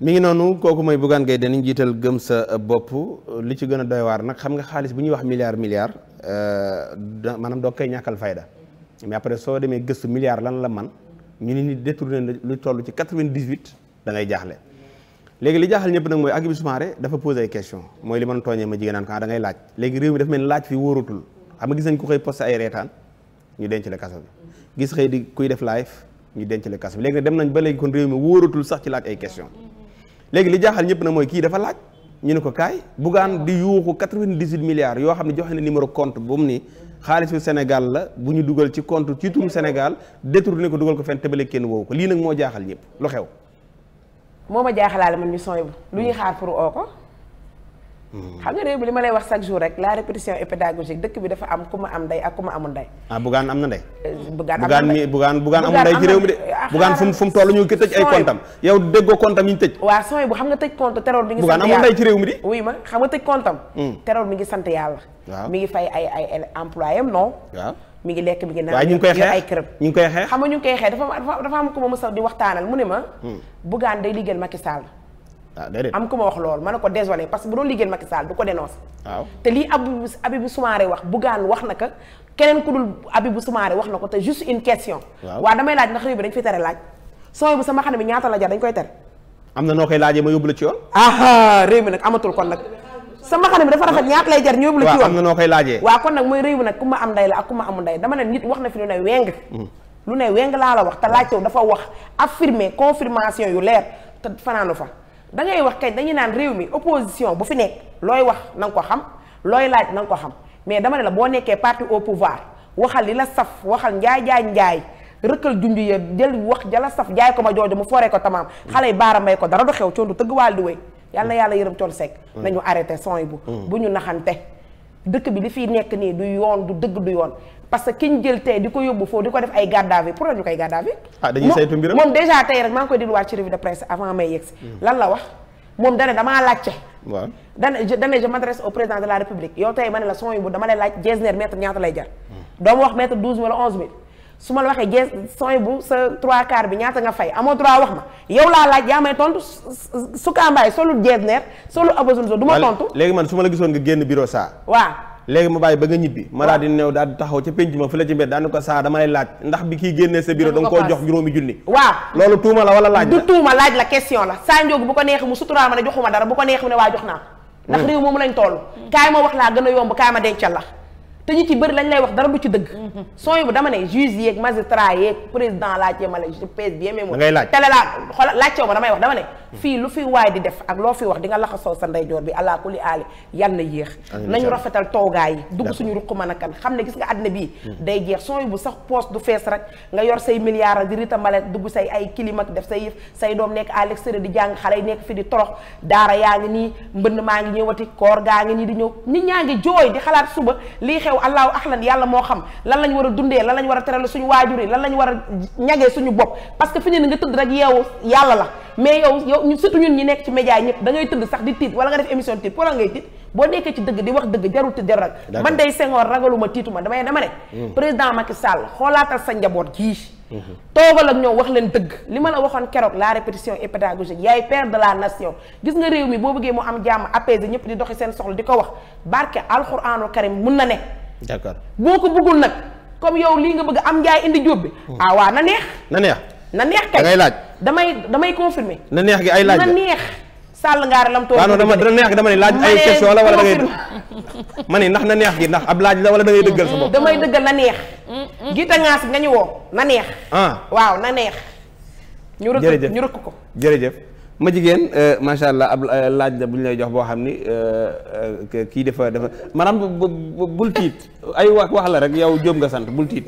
[SPEAKER 5] mi ngi
[SPEAKER 2] noonu kooku mooy Bougane Gueye Dany jiital gëm sa bopp lu ci gën a doy waar nag xam nga xaalis bu ñuy wax milliard milliard euh, maanaam doo koy ñàkkal mais après soo demee gëstu milliard lan la man ñu ni ni détourné lu toll ci 98 da ngay jaaxle léegi li jaaxal ñëpp nag mooy Hadjibou Soumaré dafa posé ay question mooy li man tooñee ma jigéen naan ko ah, da ngay laaj léegi réew mi dafa mel laaj fi wóorutul xam nga gis nañ ku xëy posté la ñu denc la dem nañ ba léegi kon réew mi wóorutul sax ci ay question léegi li jaaxal ñëpp nag mooy kii dafa laaj ñu ne ko kaay bugaan di yuuxu 98 milliards yoo xam ne joxe na numéro compte bu mu ni xaalisu senegal la bu ñu dugal ci compte ci turu Sénégal détourné ko dugal ko fenn tëbale kenn woowu ko lii nag moo jaaxal ñëpp lu xew.
[SPEAKER 3] moo ma jaaxalaale man ñu sooy lu ñuy xaar pour oo ko. Mm. xam nga réew bi li ma lay wax chaque jour rek la répétition est pédagogique dëkk bi dafa am ku ma am ndey ak ku ma ngi
[SPEAKER 2] tëj ay comptam yow déggoo di.
[SPEAKER 3] Mm. koy xeex ay kërëm ñu ngi koy waxtaanal mu ne ma mm. buggaan day liggéeyal Macky Sall
[SPEAKER 4] Ah, am ku ma
[SPEAKER 3] wax loolu ma ne ko désolé parce que bu doon liggéey Macky Sall du ko dénoncé waaw te lii Abibou Abibou Soumaré wax Bougane wax na ko keneen ku dul Abibou Soumaré wax na ko te juste une question waaw damay laaj ndax réew bi dañ fi tare laaj sooy bu sama xam bi ñaata la jar dañ koy tere
[SPEAKER 2] am na noo koy laajee ma
[SPEAKER 3] yóbbu la ci yoon ah réew mi nag amatul kon nag sama xam bi dafa rafet ñaata lay jar ñu yóbbu la ci yoon am na
[SPEAKER 2] noo
[SPEAKER 3] kon nag mooy réew mi nag ku ma am nday la ma nit wax na fi lu ne weng hmm. lu ne weng laa la wax te laaj taw dafa wax affirmer confirmation yu leer te fanaanu fa da wax kañ dañuy naan réew mi opposition bu fi nekk looy wax na nga ko xam looy laaj na nga ko xam mais dama ne la boo nekkee parti au pouvoir waxal li la saf waxal njaay njaay njaay rëkkal junj ya jël wax jala saf jaay ko ma jooju mu foree ko tamaam xale yi baara may ko dara du xew coondu tëgg waal di wéy yàlla yàlla yërëm coon sekk mm. nañu arrêté son yi bu mm. bu ñu naxante dëkk bi li fiy nekk nii du yoon du dëgg du yoon parce que ki ñu jël tey di ko yóbbu foofu di ko def ay garde à pour ñu koy garde à ah dañuy saytu mbiram moom déjà tey rek maa ngi koy ci revue de presse avant may yegsi hmm. lan la wax moom dana damaa laajte waaw dana dana ma ne la son bu dama lay laaj jesner mètre ñaata lay jar hmm. doomu wax mètre douze wala onze mille su ma la waxee jees sa trois quart bi ñaata nga fay amoo droit wax ma yow laa laaj yaa may tontu su kaambaay solu jesner solu abosun so du tontu
[SPEAKER 2] léegi man su ma la gisoon nga génn bureau saa waaw léegi mu bàyyi ba nga ñibbi ma daal di néew daal di taxaw ca pénc ma fu la ci mbedd daanu ko saa damay laaj ndax bi kii génnee sa bureau da nga koo jox juróomi junni waaw loolu tuuma la wala laaj du
[SPEAKER 3] tuuma laaj la question la saa njóogu bu ko neex suturaal ma ne joxuma dara bu ko neex ne waa jox naa ndax hmm. réew moomu lañ toll kaay ma wax laa gën a yomb kaay ma dencal la te ñu ci bëri lañ lay wax dara du ci dëgg hmm. sooy bu dama ne juge yeeg magistrat yeeg président laajtee ma la je pèse bien mes fii lu fi waay di def ak loo fi wax di nga laxasoo sa ndeyjoor bi alaa kulli aali yal na yéex nañu rafetal toogaay yi suñu ruq mën a xam ne gis nga àddina bii hmm. day jeex son bu sax poos du fees rek nga yor say milliards di ritambale dugg say ay kilim def say yëf say doom nekk à di jàng xale yi nekk fi di torox daara yaa ngi nii mbënn maa ngi ñëwati koor gaa ngi nii di ñëw nit ñaa ngi jooy di xalaat suba lii xew allahu axlan yàlla moo xam lan lañ war a dundee lan lañ war a terale suñu waajur yi lan lañ war a ñagee suñu bopp parce que fi ne ni nga tëdd rek yeewu yàlla la mais yow yow ñun surtout ñun ñi nekk ci média yi ñëpp da ngay tëdd sax di tiit wala nga def émission tiit wala ngay tiit boo nekkee ci dëgg di wax dëgg jarul tiit jarul rag man day Senghor ragaluma tiituma damay dama ne hmm. président Macky Sall xoolaatal sa njaboot gii hmm. toogal ak ñoom wax leen dëgg li ma la waxoon keroog la répétition et pédagogique yaay père de la nation gis nga réew mi boo bëggee mu am jàmm apaisé ñëpp di doxi seen soxla di ko wax barke alxuraanul karim mun na comme yow lii nga bëgg am njaay indi jóob bi hmm. ah waa neex na neex na neex kay da ngay damay damay confirmer na neex gi ay laaj na neex sàll ngaar lam tool waaw dama dana neex gi dama ne laaj ay question wala da ngay
[SPEAKER 2] ma ne ndax na neex gi ndax ab laaj la wala da dëggal sa bopp
[SPEAKER 3] damay dëggal na neex giita ngaas nga ñu woo na neex ah waaw na neex ñu rëkk ñu
[SPEAKER 2] ko jërëjëf ma jigéen euh, macha allah ab euh, laaj la bu ñu lay jox boo xam ni euh, kii dafa dafa maanaam bul tiit ay wax wax la rek yow jóob nga sant bul tiit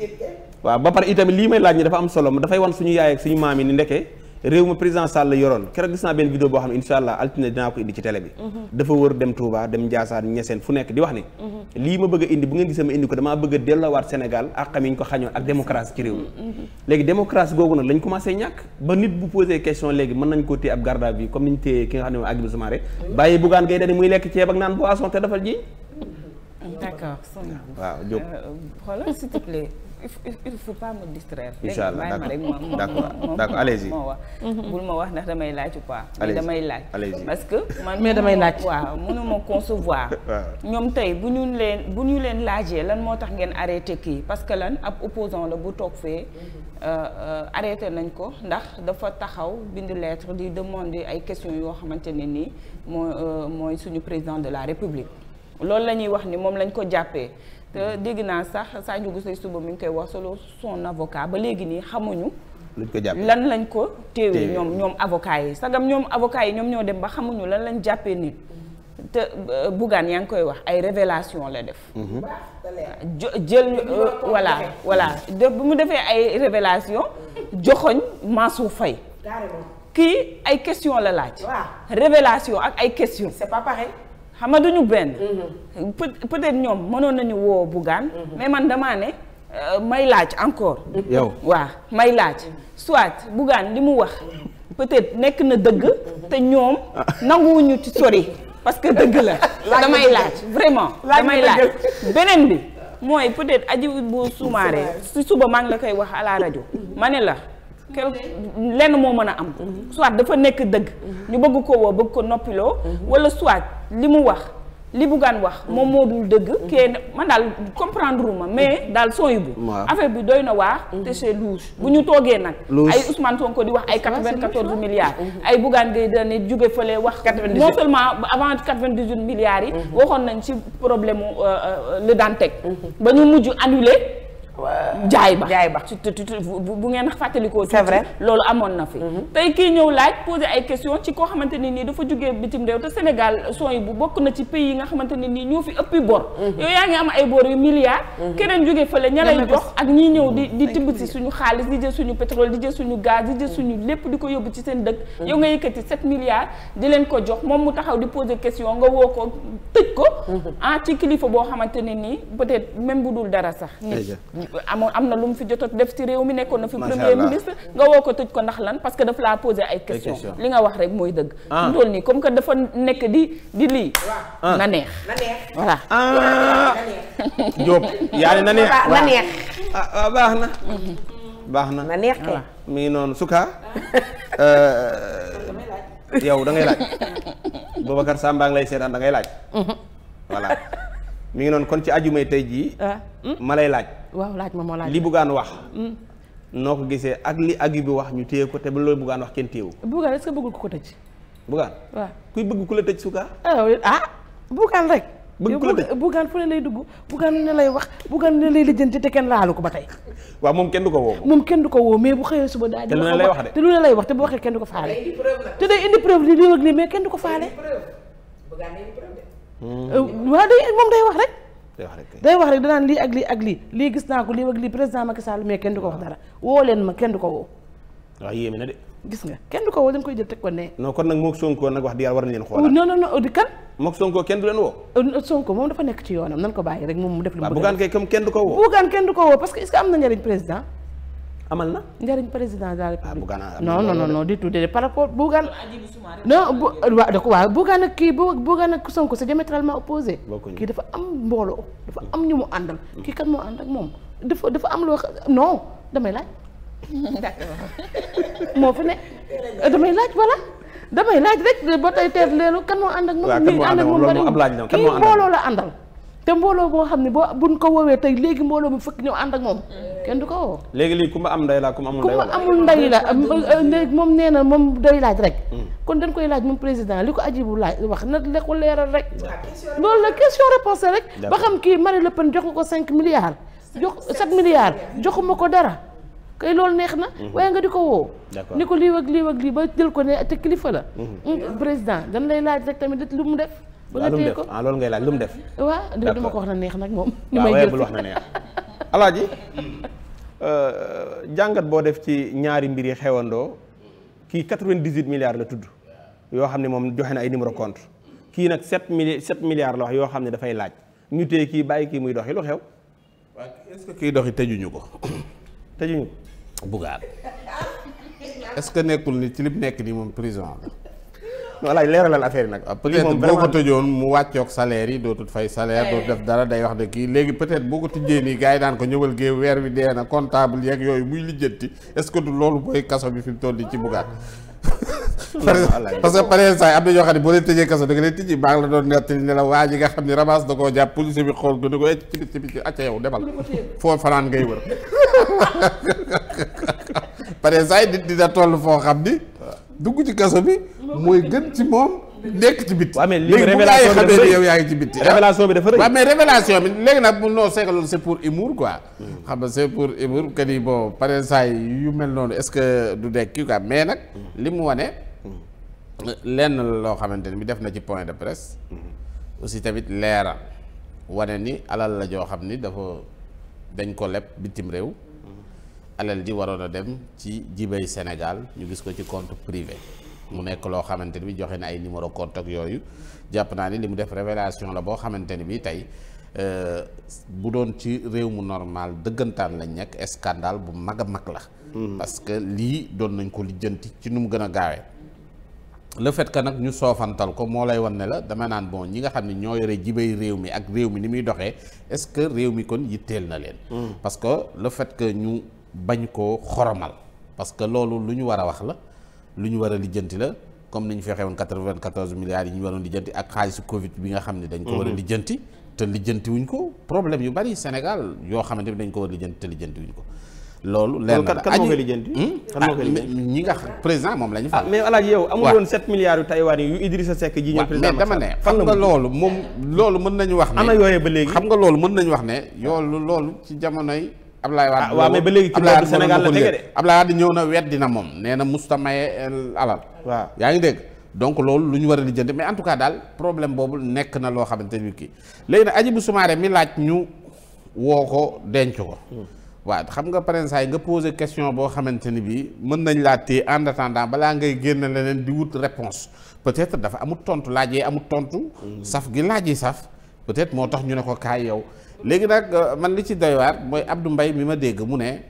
[SPEAKER 2] waaw ba pare itamit lii may laaj ñi dafa am solo dafay wan suñu yaay ak suñu maam yi ni ndekee réew ma président Sall la yoroon keroog gis naa benn vidéo boo xam ne incha allah altine dinaa ko indi ci télé bi mhm. dafa wër dem Touba dem Ndiassane Niassène fu nekk di wax ni
[SPEAKER 4] mhm.
[SPEAKER 2] lii ma bëgg a indi bu ngeen gisee ma indi ko damaa bëgg a delloowaat Sénégal ak xam yi ñu ko xañoon ak démocratie ci réew mi mhm. léegi démocratie googu nag lañ commencé ñàkk ba nit bu posé question léegi mën nañ ko téye ab garde à vue comme niñ téye ki nga xam ne moom Hadjibou Soumaré bàyyi
[SPEAKER 6] il faut pas me distraire. incha allah d' accord d' accord allez-y mhm. bul ma wax ndax damay laaj ou pas. mais damay laaj. parce que man mais concevoir. ñoom tey bu ñu leen bu ñu leen laajee lan moo tax ngeen arrêté kii parce que lan ab opposant la bu toog fee. Mhm. Euh, euh, arrêté nañ ko ndax dafa taxaw bind lettre di demander ay questions yoo xamante ne nii mooy euh, mooy suñu président de la république. loolu la wax ni moom lañ ko jàppee. te dégg naa sax Sadio Gueye suba mi ngi koy wax solo son avocat ba léegi nii xamuñu. lan lañ ko téewee ñoom ñoom avocat yi sagam ñoom avocat yi ñoom ñoo dem ba xamuñu lan lañ jàppee nit te euh, Bougane yaa ngi koy wax ay révélation la def mhm. jël euh, voilà voilà def bu mu defee ay révélation joxoñ Mansour fay ki ay question la laaj révélation ak ay question c'est pas pareil xam nga duñu benn. Mhm. peut-être ñoom mënoon nañu woo Bougane. Mhm. mais man damaa ne euh, may laaj encore. Mhm. yow waa may laaj. soit Bougane li mu wax peut-être nekk na dëgg. te ñoom nanguwuñu ci sori. parce que dëgg la damay laaj vraiment damay laaj beneen bi mooy peut-être aji bu sumaaree si suba maa ngi la koy wax à rajo ma ne la kel lenn moo mën a am mhm. soit dafa nekk dëgg mhm. ñu bëgg ko woo bëgg ko noppiloo mhm. wala soit li mu wax li Bougane wax moom moo dul dëgg kee man daal comprendre ma mais daal
[SPEAKER 4] Sonhibou affaire
[SPEAKER 6] bi doy na waax te c'est louche bu ñu toogee nag ay Ousmane Sonko di wax ay quatre-vingt-quatorze milliards ay Bougane Gueye Dany jóge fële wax non seulement avant quatre-vingt-dix-huit milliards yi waxoon nañ ci problème euh, euh, le Dantec ba ñu mujj annulé jaay ba jaay ba bu ngeen fàttalikoo. c'est vrai loolu amoon na fi. Mhm. tey kii ñëw laaj poser ay question ci koo xamante ne nii dafa jógee bitim réew te Sénégal son bu bokk na ci pays yi nga xamante ne nii ñoo fi ëppi bor. Mhm. yow yaa ngi am ay bor yu milliards. Mhm. keneen jógee fële ña lay jox ak ñii ñëw di di tibb si suñu xaalis di jël suñu pétrole di jë suñu gaz di jël suñu lépp di ko yóbbu ci seen dëkk. yow nga yëkkati 7 milliards di leen ko jox moom mu taxaw di poser question nga woo ko tëj ko. ah ci kilifa boo xamante ne nii peut-être même bu dul dara sax. amoon am na lu mu fi jot def ci réew mi nekkoon na fi premier ministre nga woo ko tëj ko ndax lan parce que daf laa poser ay question li nga wax rek mooy dëgg dool ah. nii comme que dafa nekk di lii ah. na neex na neex
[SPEAKER 4] ah.
[SPEAKER 2] yaa ne na neex na neex ah baax
[SPEAKER 6] na mhm. baax na na
[SPEAKER 3] neex kay
[SPEAKER 2] mi ngi noonu suka euh, da ngay laaj Boubacar Samba ngi lay seetaan da ngay laaj mhm. voilà ngi noonu kon ci ajumay tey jii hmm? ma lay laaj
[SPEAKER 3] waaw laaj ma moo laaj li buggaan wax. Hmm.
[SPEAKER 2] noo ko gisee ak li agi bi wax ñu téye ko te loolu buggaan wax kenn téyewu.
[SPEAKER 3] buggaan est-ce que bëggul ko ko tëj. buggaan waaw kuy bëgg ku la tëj suka ah, ah buggaan rek. bëgg ku la tëj buggaan fu ne lay dugg buggaan ne lay wax buggaan ne lay lijjanti te kenn laalu ko ba tey.
[SPEAKER 2] waaw moom kenn du ko woo.
[SPEAKER 3] moom kenn du ko woo mais bu xëyee suba daal di. wax de te lu lay wax te bu waxee kenn ko faale. te day indi preuve li lii ak lii mais kenn du ko hmm. euh, moom day wax rek day wax rek day wax rek danaan lii ak lii ak lii lii gis naa ko lii ak lii président Macky Sall mais kenn du ko wax dara woo leen ma kenn du ko woo. waaw yéeme na de. gis nga kenn du ko woo dañ koy jël ko ne.
[SPEAKER 2] non kon nag moog oh, di kan. moog Sonko kenn du leen woo.
[SPEAKER 3] Euh, Sonko moom dafa nekk ci yoonam nan ko bàyyi rek moom mu def. lu mu bëgg a def kay comme kenn du ko woo. parce que est-ce am na njëriñ président amal na njëriñ président de la république non non non non du tout déedéet par rapport Bougane non bu waaw da ko waaw Bougane ak kii Bougane ak Sonko c'est diamétralement opposé kii dafa am mbooloo dafa am ñu mu àndal mm. kii kan moo ànd moom dafa dafa am loo non damay laaj
[SPEAKER 4] moo fi ne damay laaj
[SPEAKER 3] voilà damay laaj rek ba tey teer leelu kan moo ànd ak moom kii mbooloo la àndal te mbooloo boo xam ne boo buñ ko woowee tey léegi mbooloo mu fëkk ñëw ànd ak moom kenn du ko woo
[SPEAKER 2] léegi lii ku ma am nday la ku ma amul
[SPEAKER 3] ku ma amul nday la moom nee na moom day laaj rek hmm. kon dañ koy laaj moom président li ko ajibu laaj wax na la ko leeral rek loolu la question réponse rek ba xam kii Marine Le Pen jox ko cinq milliards jox sept milliards joxuma ko dara kay loolu neex na
[SPEAKER 2] hmm.
[SPEAKER 4] waaye nga di ko woo ni ko
[SPEAKER 3] lii wag lii wag ba jël ko ne te kilifa la hmm. président dañ lay laaj rek tamit lu mu def ba lu mu def
[SPEAKER 2] ah, loolu ngay laaj lu mu def.
[SPEAKER 3] waa du ma ko wax na neex nag moom. Ah, wax
[SPEAKER 2] na neex. alaaji euh, jàngat boo def ci ñaari mbir yi xewandoo kii 98 milliards la tudd yoo xam ne moom joxe na ay numéro compte kii nag 7 mili 7 milliards la wax yoo xam ne dafay laaj ñu téye kii bàyyi kii muy doxi lu xew. waaw est-ce que kii tëjuñu ko. tëjuñu ko. bugaar
[SPEAKER 7] est-ce que nekkul ni ci li nekk nii moom prison la. voilà leeralal affaire yi nag. Ah, peut-être boo ko tëjoon mu wàccoog salaire yi dootul fay salaire eh. dootul def dara day wax de kii léegi peut-être boo ko tijjee nii gars yi daan ko ñëwal géew weer wi dee na comptable yeeg yooyu muy lijjanti est-ce du loolu booy kaso bi fi mu toll di ci bugaat. parce que pareen saa yi am na ñoo xam ne boo leen tëjee kaso da nga leen tijji maa la doon nettali ne la waa nga xam ni ramas da koo jàpp police bi xool ko ne ko eh, ci ci bi ci acca yow foo fanaan ngay wër pareen saa yi nit dina toll foo xam ni dugg ci kaso bi mooy gën ci moom nekk ci biti. waaw mais léegi révélation bi dafa yow yaa ngi ci biti. Ah. révélation bi dafa rëy. waaw mais révélation bi léegi nag bu noo seqaloon c'est pour humour quoi. xam nga c'est pour humour que ni boo pare saa yu mel noonu est-ce que du nekk kii quoi mais nag. li mu wane. lenn la loo xamante ni bi def na ci point de presse. aussi tamit leera wane ni alal la joo xam ni dafa dañ ko leb bitim réew. alal ji waroon a dem Sénégal ñu gis ko ci compte privé mu nekk loo xamante ni bi joxe na ay numéro compte ak yooyu jàpp naa ni li mu def révélation la boo xamante ni bi tey euh, bu doon ci réew mu normal dëggantaan lañ nekk scandale bu mag a mag la mm-hmm. parce que lii doon nañ ko lijjanti ci nu mu gën a gaawee le fait que nag ñu soofantal ko moo lay wan ne la dama naan bon ñi nga xam ne ñoo yore jibay réew mi ak réew mi ni muy doxee est-ce que réew mi kon yitteel na leen mm-hmm. parce que le ñu bañ koo xoromal parce que loolu lu ñu war a wax la lu ñu war a lijjanti la comme ni ñu fexe woon quatre-vingt-quatorze milliards yi ñu waroon lijjanti ak xaalisu Covid bi nga xam ne dañ ko war a mhm. lijjanti te lijjanti wuñ ko problème yu bari Sénégal yoo xamante ne dañ ko war a wuñ ko loolu leer na la kan hmm?
[SPEAKER 2] moo koy ah, ñi nga président moom la ñu fal ah, mais alaaji yow amul woon sept milliards yu Taïwan yi yu Idrissa Seck ji ñëw président mais dama ne xam nga loolu moom loolu mën nañu wax ne ana yooyee ba léegi xam nga loolu mën
[SPEAKER 7] nañu wax ne yoolu loolu ci jamonoy Ablaye Wade ah, waa mais ba léegi ci boobu Sénégal la tege de Ablaye ñëw na weddi na moom nee na musta maye alal waaw yaa ngi dégg donc loolu lu ñu war a di lijjanti mais en tout cas daal problème boobu nekk na loo xamante ni kii léegi nag Hadjibou Soumaré mi laaj ñu woo ko denc ko hmm. waaw xam nga par exemple nga posé question boo xamante ni bii mën nañ laa téye en attendant balaa ngay génn leneen di wut réponse peut-être dafa amut tontu laaj yee amut tontu. Hmm. saf gi laaj yi saf peut-être moo tax ñu ne ko kaay yow léegi nag euh, man li ci doy waar mooy Abdou mbay mi ma dégg mu ne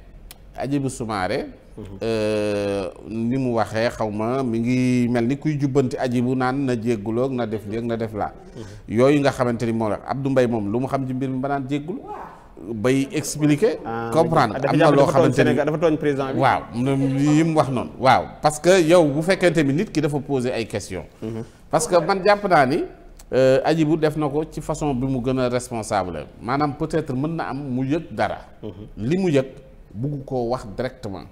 [SPEAKER 7] Hadjibou Soumaré mhm. euh, ni mu waxee xaw ma mi ngi mel ni kuy jubbanti Hadjibou naan na jégguloo na def léegi na def laa mhm. yooyu nga xamante ni moo wax Abdou mbay moom lu mu xam ci mbir mi ba naan jéggul bay expliquer ah, comprendre am na loo xamante ni dafa tooñ président bi waaw yi mu wax noonu waaw parce que yow bu fekkente ni nit ki dafa poser ay questions mhm. parce que man jàpp naa ni Euh, ajibu def na ko ci façon bi mu gën a responsable maanaam peut-être mën na am mu yëg dara mhm. li mu yëg bugg koo wax directement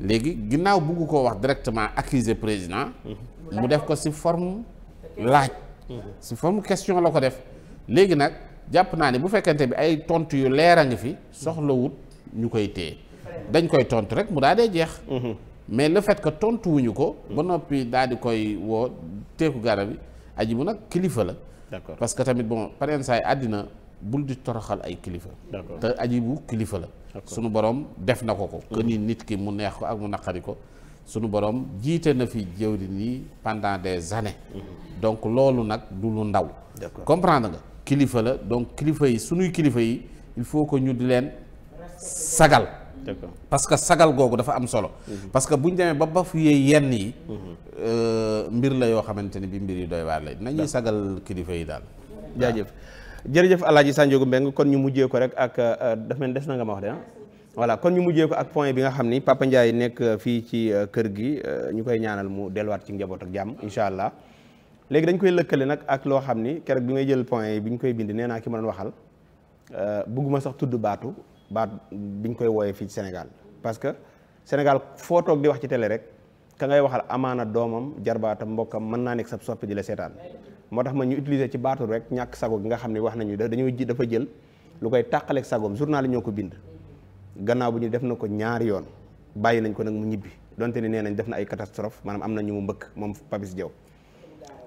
[SPEAKER 7] léegi ginnaaw bugg koo wax directement accuser président mhm. mu def ko si form laaj si mhm. forme question la ko def léegi nag jàpp naa ne bu fekkente bi ay tontu yu leer a ngi fi soxlawut ñu koy téye dañ koy tontu rek mu daal dee jeex mais la fait que tontu wuñu ko ba noppi daal di koy woo teeku garab yi aji bu nag kilifa la. d'accord parce que tamit bon pareen saay àddina bul di toroxal ay kilifa. te aji bu kilifa la. sunu borom def na ko ko. que mm. ni nit ki mu neex ko ak mu naqari ko. sunu borom jiite na fi jëwriñ yi pendant des années. Mm-hmm. donc loolu nag du lu ndaw. comprendre nga kilifa la donc kilifa yi sunuy kilifa yi il faut que ñu di leen sagal. parce que sagal googu dafa am solo. Mhm. parce que bu ñu demee ba fu fuyee yenn yi. Mhm. Euh, mbir la yoo xamante
[SPEAKER 2] ni bi mbir yi doy waar lay nañuy sagal kilifa yi daal. jaajëf jërëjëf Alaaji Sanjogu Mbeng kon ñu mujjee ko rek ak euh, daf mel des na nga ma wax de ah. voilà kon ñu mujjee ko ak point bi nga xam ni Papa Ndiaye nekk euh, fii ci kër gi ñu koy ñaanal mu delluwaat ci njaboot ak jàmm incha allah léegi dañ koy lëkkale nag ak loo xam ni keroog bi ngay jël point yi bi ñu koy bind nee naa ki ma doon waxal bëgguma sax tudd baatu baat bi ñu koy wooyee fii ci Sénégal parce que Sénégal foo toog di wax ci tele rek ka ngay waxal amaana doomam jarbaatam mbokkam mën naa nekk sa soppi di la seetaan moo tax ma ñu utiliser ci baatul rek ñàkk sago gi nga xam ne wax nañu dañoo ji dafa jël lu koy tàqaleeg sagoom journal yi ñoo ko bind gannaaw bu ñu def na ko ñaari yoon bàyyi nañ ko nag mu ñibbi donte ni nee nañ def na ay catastrophe maanaam am na ñu mu mbëkk moom Papis Diaw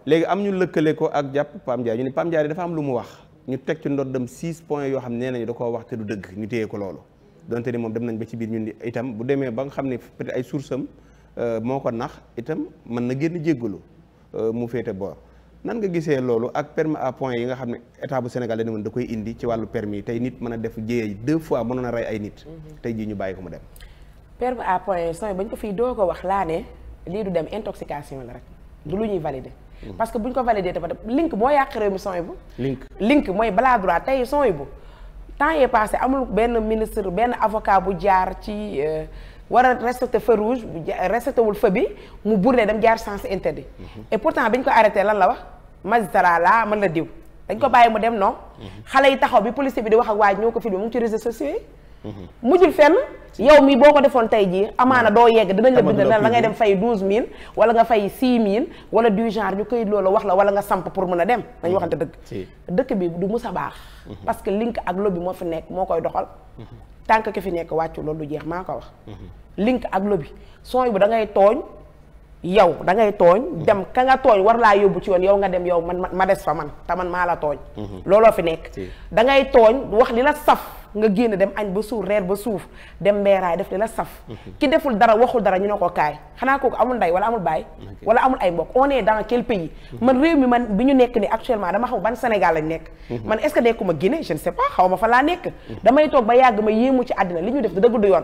[SPEAKER 2] léegi am ñu lëkkale ko ak jàpp Pam Ndiaye ñu ne dafa am lu mu wax ñu teg ci ndoddam six points yoo xam nee nañu da koo wax te du dëgg ñu téye ko loolu donte ni moom dem nañ ba ci biir ñun itam bu demee ba nga xam ne peut-être ay source am euh, moo ko nax mën na génn jéggalu euh, mu féete boor nan nga gisee loolu ak permis à point yi nga xam ne état bu Sénégal dañu woon da koy indi ci wàllu permis tey nit mën a def jéyee deux fois mënoon na rey ay nit mm-hmm. tey jii ñu bàyyi ko mu dem
[SPEAKER 3] permis à point sooy bañ ko fii doo ko wax laa ne lii du dem intoxication la rek du lu ñuy valider Mm. parce que bu ñu ko validé dafa def link moo yàq réew mi sony bu link link mooy balaa droit tey sony bu temps yee passé amul benn ministre benn avocat bu jaar ci euh, war a respecté feu rouge respecté wul feu bi mu burne dem jaar sens interdit mm-hmm. et pourtant bi ñu ko arrêté lan la wax magistrat la man la diw dañ ko bàyyi mu dem non mm-hmm. xale yi taxaw bi policier bi di wax ak waa ñoo ko filmé mu ngi ci réseaux sociaux mujjul fenn yow mi boo ko defoon tey jii amaana mm. doo yegg dinañ la bindal la dangay dem fay douze mil wala nga fay six mille wala du genre ñu koy loolu wax la wala nga samp pour mën a dem dañu mm-hmm. waxante dëgg dëkk bi du mus baax mm-hmm. parce que link ak lobby moo fi nekk moo koy doxal mm-hmm. tànk ki fi nekk wàccu loolu jeex maa ko wax link ak lobby sooy bu da ngay tooñ yow da ngay tooñ dem ka nga tooñ war laa yóbbu ci yoon yow nga dem yow man ma des fa man te man maa la tooñ looloo fi nekk da ngay tooñ wax li la saf nga génn dem añ ba suuf reer ba suuf dem mbeeraay def de la saf ki deful dara waxul dara ñu ne ko kaay xanaa kooku amul ndey wala amul baay wala amul ay mbokk on est dans quel mhm. man réew mi man bi ñu nekk ni actuellement dama xam ban Sénégal lañ nekk mhm. man est-ce que nekkuma Guinée je ne pas xaw ma fa laa nekk mhm. damay toog ba yàgg ma yéemu ci àddina li ñu def da dëgg du yoon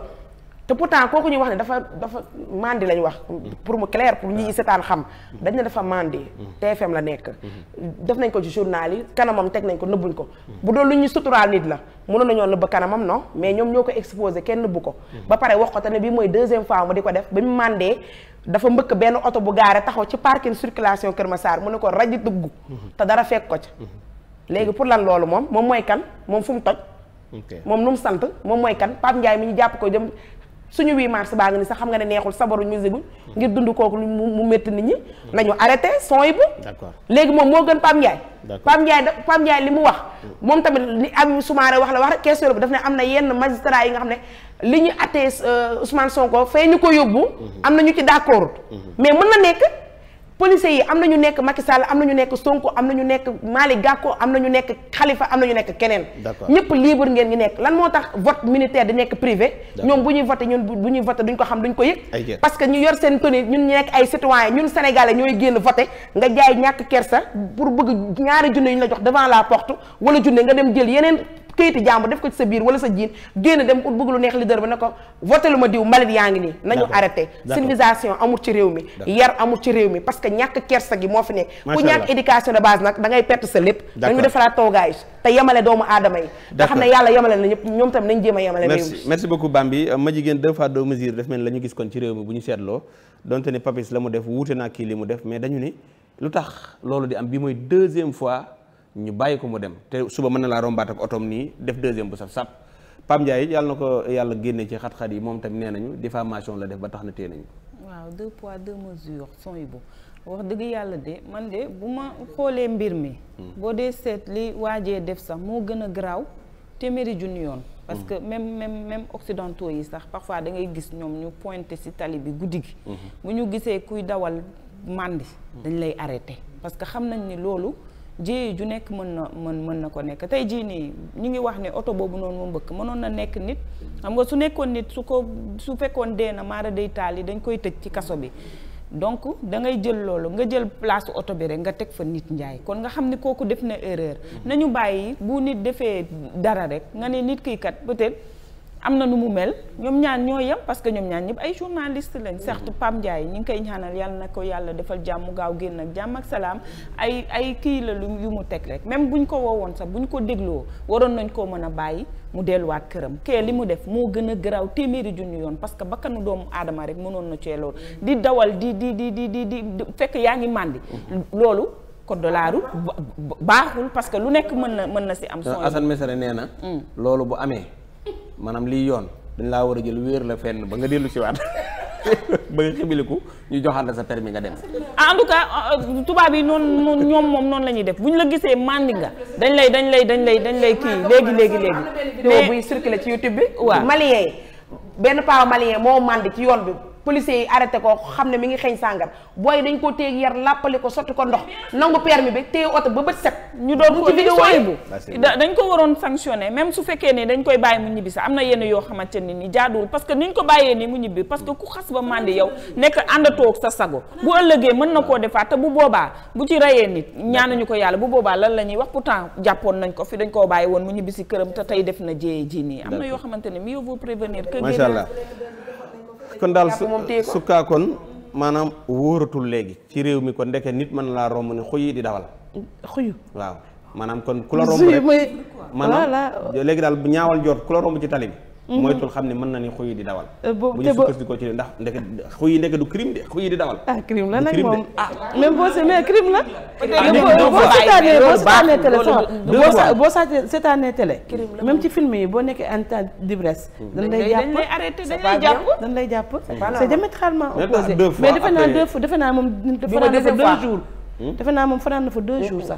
[SPEAKER 3] te pourtant kooku ñu wax ne dafa dafa mandi lañ wax mm-hmm. pour mu clair pour ñi seetaan xam mm-hmm. dañ ne defa mandi TFM mm-hmm. la nekk def nañ ko ci journal yi kanamam teg nañ ko nëbbuñ ko bu doon lu ñu suturaal nit la mënoon nañoo nëbb kanamam no mais ñoom ñoo ko exposé kenn nëbbu ko ba pare wax ko te ne bi mooy deuxième fois mu di ko def ba mu mandee dafa mbëkk benn oto bu gaaree taxaw ci parking circulation Kër ma saar mu ne ko raji dugg te dara fekk ko ci léegi pour lan loolu moom moom mooy kan moom fu mu toj moom nu mu sant moom mooy kan Pape Ndiaye jàpp ko dem suñu 8 mars baa nga ni sax xam nga ne neexul sabaru musique bu ngir dund kooku mu métti nit ñi nañu arrêté son yi bu léegi moom moo gën Pam Ndiaye Pam Ndiaye Pam Ndiaye li mu wax mm. moom tamit li Abibou Soumaré wax la wax rek question bi daf ne am na yenn magistrat yi nga xam ne li ñu attee euh, Ousmane Sonko fay ñu ko yóbbu mm-hmm. am na ñu ci d'accord mm-hmm. mais mën na nekk police yi am na ñu nekk Macky Sall am na ñu nekk Sonko am na ñu nekk Malick Gakou am na ñu nekk xalifa am na ñu nekk keneen. ñëpp libre ngeen ngi nekk lan moo tax vote militaire di nekk privé. ñoom bu ñuy voté ñun bu ñuy voté duñ ko xam duñ ko yëg. parce que ñu yor seen tenue ñun ñu nekk ay citoyen ñun sénégalais ñooy génn voté nga jaay ñàkk kersa pour bëgg ñaari junne ñu la jox devant la porte wala junne nga dem jël yeneen. këyiti jàmbur def ko ci sa biir wala sa jiin génn dem ut bëgg lu neex leader bi ne ko voté lu ma diw mbalit yaa ngi nii nañu arrêté civilisation amul ci réew mi yar amul ci réew mi parce que ñàkk kersa gi moo fi nekk ku ñàkk éducation de base nag da ngay perte sa lépp dañu defaraat toogaay te yemale doomu aadama yi nga xam ne yàlla yemale na ñëpp ñoom tam nañ jéem a yemale réew mi
[SPEAKER 2] merci beaucoup Bambi euh, ma jigéen deux fois deux mesures def mel la ñu gis kon ci réew mi bu ñu seetloo donte ne papis la mu def wuute naa kii lu tax loolu di am bi mooy deuxième fois ñu bàyyi ko mu dem te suba mën na laa rombaat ak otoom nii def deuxième bu saf sàpp Pam Ndiaye yàlla na ko yàlla génne ci xat-xat yi moom tamit nee nañu diffamation la def ba tax na téye nañu.
[SPEAKER 6] waaw deux poids de mesures son yi wax dëgg yàlla de man de bu ma xoolee mbir mi. Hmm. boo dee seet li waajee def sax moo gën a garaaw téeméeri junni yoon. parce hmm. que même même même occidentaux yi sax parfois da ngay gis ñoom ñu pointé si tali bi guddi gi. Hmm. bu ñu gisee kuy dawal màndi. dañ lay arrêté parce ji ju nekk mën na mën mën na ko nekk tey jii nii ñu ngi wax ne oto boobu noonu moom mbëkk mënoon na nekk nit xam nga su nekkoon nit su ko su fekkoon dee na maara day taal yi dañ koy tëj ci kaso bi donc da ngay jël loolu nga jël place oto bi rek nga teg fa nit njaay kon nga xam ni kooku def na erreur mm-hmm. nañu bàyyi bu nit defee dara rek nga ne nit kii kat peut am na nu mu mel ñoom ñaan ñoo yem parce que ñoom ñaan ñëpp ay journaliste lañ certes mm-hmm. Pam Ndiaye ñu ngi koy ñaanal yàlla na ko yàlla defal jàmm gaaw génn ak jàmm ak salaam ay ay kii la lu yu mu teg rek même ñu ko woowoon sax buñ ko dégloo waroon nañ koo mën a bàyyi mu delluwaat këram kee li mu def moo gën a garaaw téeméeri junni yoon parce que bakkanu doomu aadama rek mënoon na cee loolu mm-hmm. di dawal di di di di di di fekk yaa ngi màndi mm-hmm. loolu code de la route baaxul parce que lu nekk mën na mën na si am. son Assane
[SPEAKER 2] Mesere nee na. Mm. loolu bu amee. maanaam lii yoon dañ laa war a jël wéer la fenn ba nga dellu si waat ba nga xibiliku ñu joxaat la sa permis nga dem.
[SPEAKER 6] en tout cas euh, tubaab yi noonu ñoom moom noonu la ñuy def bu ñu la gisee màndi nga dañ lay dañ lay dañ lay dañ lay kii léegi léegi léegi.
[SPEAKER 3] mais vidéo buy
[SPEAKER 6] circulé ci YouTube bi. waaw malien benn paa malien moo màndi ci
[SPEAKER 3] yoon bi. policiers yi arrêté ko xam ne mi ngi xeeñ sàngara booy dañ ko téye yar làppali ko sotti ko ndox
[SPEAKER 6] nangu permis bi téye oto ba bët set ñu doon ko vidéo yi dañ ko waroon sanctionné même su fekkee ne dañ koy bàyyi mu ñibbi sax am yenn yoo xamante ne ni jaaduwul parce que niñ ko bàyyee ni mu ñibbi parce que ku xas ba màndi yow nekk àndatoo ak sa sago bu ëllëgee mën na koo defaat te bu boobaa bu ci reyee nit ñaanuñu ko yàlla bu boobaa lan la ñuy wax temps jàppoon nañ ko fi dañ koo bàyyi woon mu ñibbi si këram te tey def na jéyee ji nii am na yoo xamante ne mieux vaut prévenir que macha allah
[SPEAKER 2] kon daal sukkaa kon maanaam wóoratul léegi ci réew mi kon ndeke nit mën laa romb ni xuy di dawal xuyu waaw maanaam kon ku la romb rek maanaam léegi daal bu ñaawal jot ku la romb ci tali bi Mhm. moytul xam ne mën na ni xuy di dawal euh, bu ñu sukkandikoo ci ne ndax de xuy ah, la nag moom
[SPEAKER 3] ah boo se mais crime la
[SPEAKER 6] ah,
[SPEAKER 3] boo seetaanee boo seetaanee télé sax boo sa seetaanee télé même ci film yi boo nekkee en temps d'ivresse hmm. dañ lay
[SPEAKER 6] jàpp dañ lay jàpp
[SPEAKER 3] c'est diamétralement mais defe naa deux
[SPEAKER 6] defe naa moom defe naa deux
[SPEAKER 3] jours Hmm? defe naa moom fanaan na fa deux jours sax.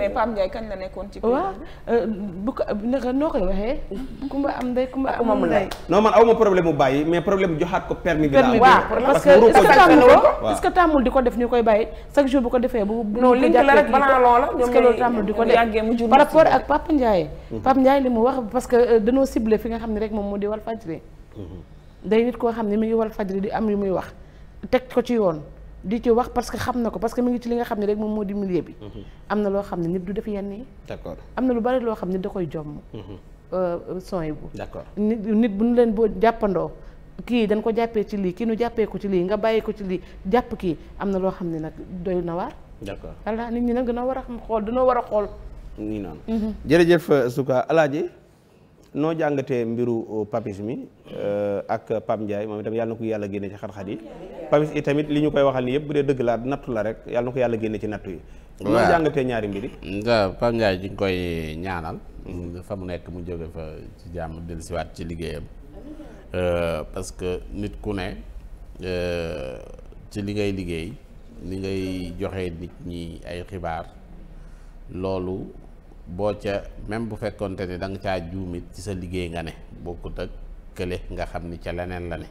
[SPEAKER 6] mais Pape Ndiaye kañ la nekkoon ci. waaw euh, bu ko noo koy waxee. kumba am ndey kumba ah, amul ndey.
[SPEAKER 2] non man aw problème mu bàyyi mais problème joxaat ko permis
[SPEAKER 4] bi. permis bi parce que est-ce
[SPEAKER 3] tàmmul di ko def ñu koy bàyyi chaque jour bu ko defee bu. bu ñu ko la rek banaa loola. est loolu tàmmul di ko def par rapport ak Pape Ndiaye. Hmm. Pape Ndiaye li mu wax parce que euh, danoo ciblé fi nga xam ni rek moom moo di Walfadjri. Hmm. day nit koo xam ne mi ngi Walfadjri di am yu muy wax teg ko ci yoon di ci wax parce que xam na ko parce que mi ngi ci li nga xam ne rek moom moo di milieu bi. Mhm. am na loo xam ne nit du def yenn yi. d'accord am na lu bari loo xam ne da koy jomm. Mhm. Euh, son yi bu. nit bu ñu leen boo jàppandoo. kii dañ ko jàppee ci lii kii nu jàppee ko ci lii nga bàyyi ko ci lii jàpp kii am na loo xam ne nag doy na waar. d'accord voilà nit ñi nag gën war a xam xool dañoo war a xool. nii noonu. Mhm.
[SPEAKER 2] jërëjëf euh, Souka Alaaji noo jàngatee mbiru euh, papis mi euh, ak Pam Ndiaye moom itam yàlla na ko yàlla génne ci xat-xat yi papis i tamit li ñu koy waxal ni yëpp bu dee dëgg laa nattu la rek yàlla ko yàlla génne ci nattu yi noo jàngatee ñaari mbir yi Pam Ndiaye ji nga koy ñaanal fa mu nekk
[SPEAKER 7] mu jóge fa ci jàmm dellusiwaat ci liggéeyam euh, parce que nit ku ne ci li ngay liggéey li ngay joxe nit ñi ay xibaar loolu boo ca même bu fekkonte ne da nga caa juumit ci sa liggéey nga ne bokkut ak kële nga xam ni ca leneen la ne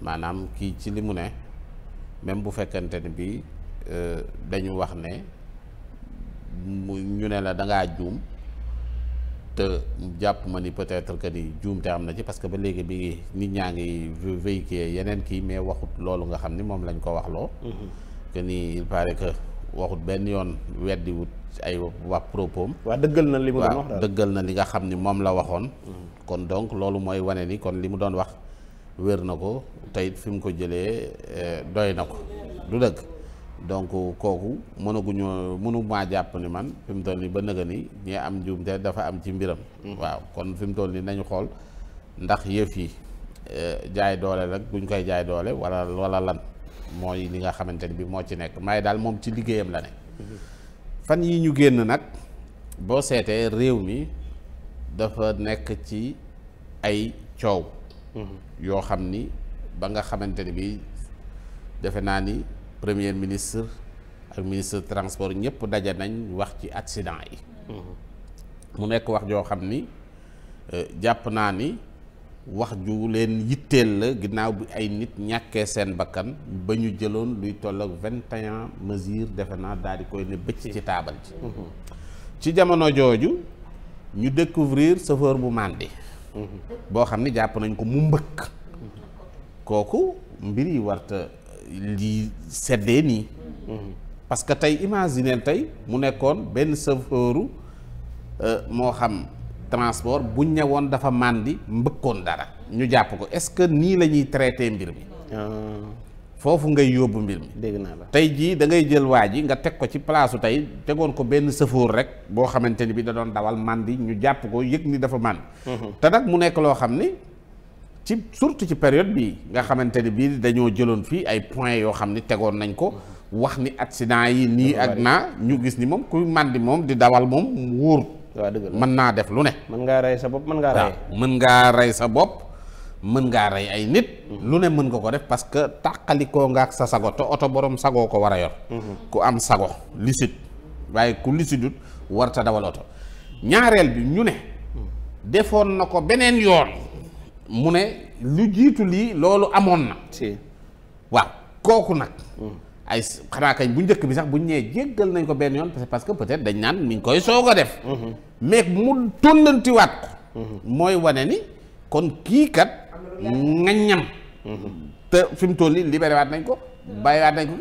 [SPEAKER 7] maanaam kii ci li mu ne même bu fekkante ne bi euh, dañu wax ne mu ñu ne la dangaa juum te jàpp ma ni peut-être que ni juumte am na ci parce que ba léegi bi ngi nit ñaa ngi véhiculer yeneen kii mais waxut loolu nga xam ni moom lañ ko waxloo mm-hmm. que ni il paraît que waxut benn yoon weddiwut ay wax propos am. waaw dëggal na li mu doon wax daal dëggal na li nga xam ni moom la waxoon. kon donc loolu mooy wane ni kon li mu doon wax wér na ko tey fi mu ko jëlee eh, doy na ko du dëgg. donc kooku mënaguñoo mënu maa jàpp ni man fi mu toll nii ba nëga ni ñi am njuumte dafa am ci mbiram. Mm. waaw kon fi mu toll nii nañu xool ndax yëf yi eh, jaay doole rek buñ koy jaay doole wala wala lan mooy li nga xamante ni bi moo ci nekk may daal moom ci liggéeyam la ne. Mm-hmm. fan yi ñu génn nag boo seetee réew mi dafa nekk ci ay coow yoo xam ni ba nga xamante ni bi defe naa ni premier ministre ak ministre transport ñëpp daje nañ wax ci accident yi mm-hmm. mu nekk wax joo xam ni euh, jàpp naa ni wax ju leen yitteel la ginnaaw bi ay nit ñàkkee seen bakkan ba ñu jëloon luy toll ak vingt et un defe naa daal di koy ne bëcc ci taabal ji ci jamono jooju ñu découvrir chauffeur bu màndi boo xam ne jàpp nañ ko mu mbëkk kooku mbir yi warta li seddee nii parce que tey imaginer tey mu nekkoon benn chauffeuru euh, moo xam transport bu ñu ñëwoon dafa màndi mbëkkoon dara ñu jàpp ko est-ce que nii la ñuy traité mbir mi. Ah. foofu ngay yóbbu mbir mi. dégg la tey jii da ngay jël waa ji nga teg ko ci palaasu tey tegoon ko benn sëfoor rek boo xamante ni bi da doon dawal màndi ñu jàpp ko yëg ni dafa màndi. Mhm. te mu nekk loo xam ni ci surtout ci période bii nga xamante ni bii dañoo jëloon fii ay points yoo xam ni tegoon nañ ko. Mhm. wax ni accident yi nii ak naa ñu gis ni moom kuy màndi moom di dawal moom wóor. waaw dëgg mën naa def lu ne. mën ngaa rey sa bopp mën ngaa rey. mën ngaa rey sa bopp mën ngaa rey ay nit. Mhm. lu ne mën nga ko def parce que tàqalikoo nga ak sa sago te oto boroom sagoo ko war a yor. Mhm. ku am sago licite waaye ku licidut warta dawal oto ñaareel bi ñu ne. Mhm. defoon na ko beneen yoon. mu ne lu jiitu lii loolu amoon na. si waaw kooku nag. ay xanaa kañ bu njëkk bi sax bu ñu nee jéggal nañ ko benn yoon parce que peut-être dañ naan mi ngi koy soog a def. Mm-hmm. mais mu tollantiwaat ko. Mm-hmm. mooy wane ni kon kii kat. nga ñam. Mm-hmm. te fi mu toll nii libéré nañ ko bàyyiwaat nañ ko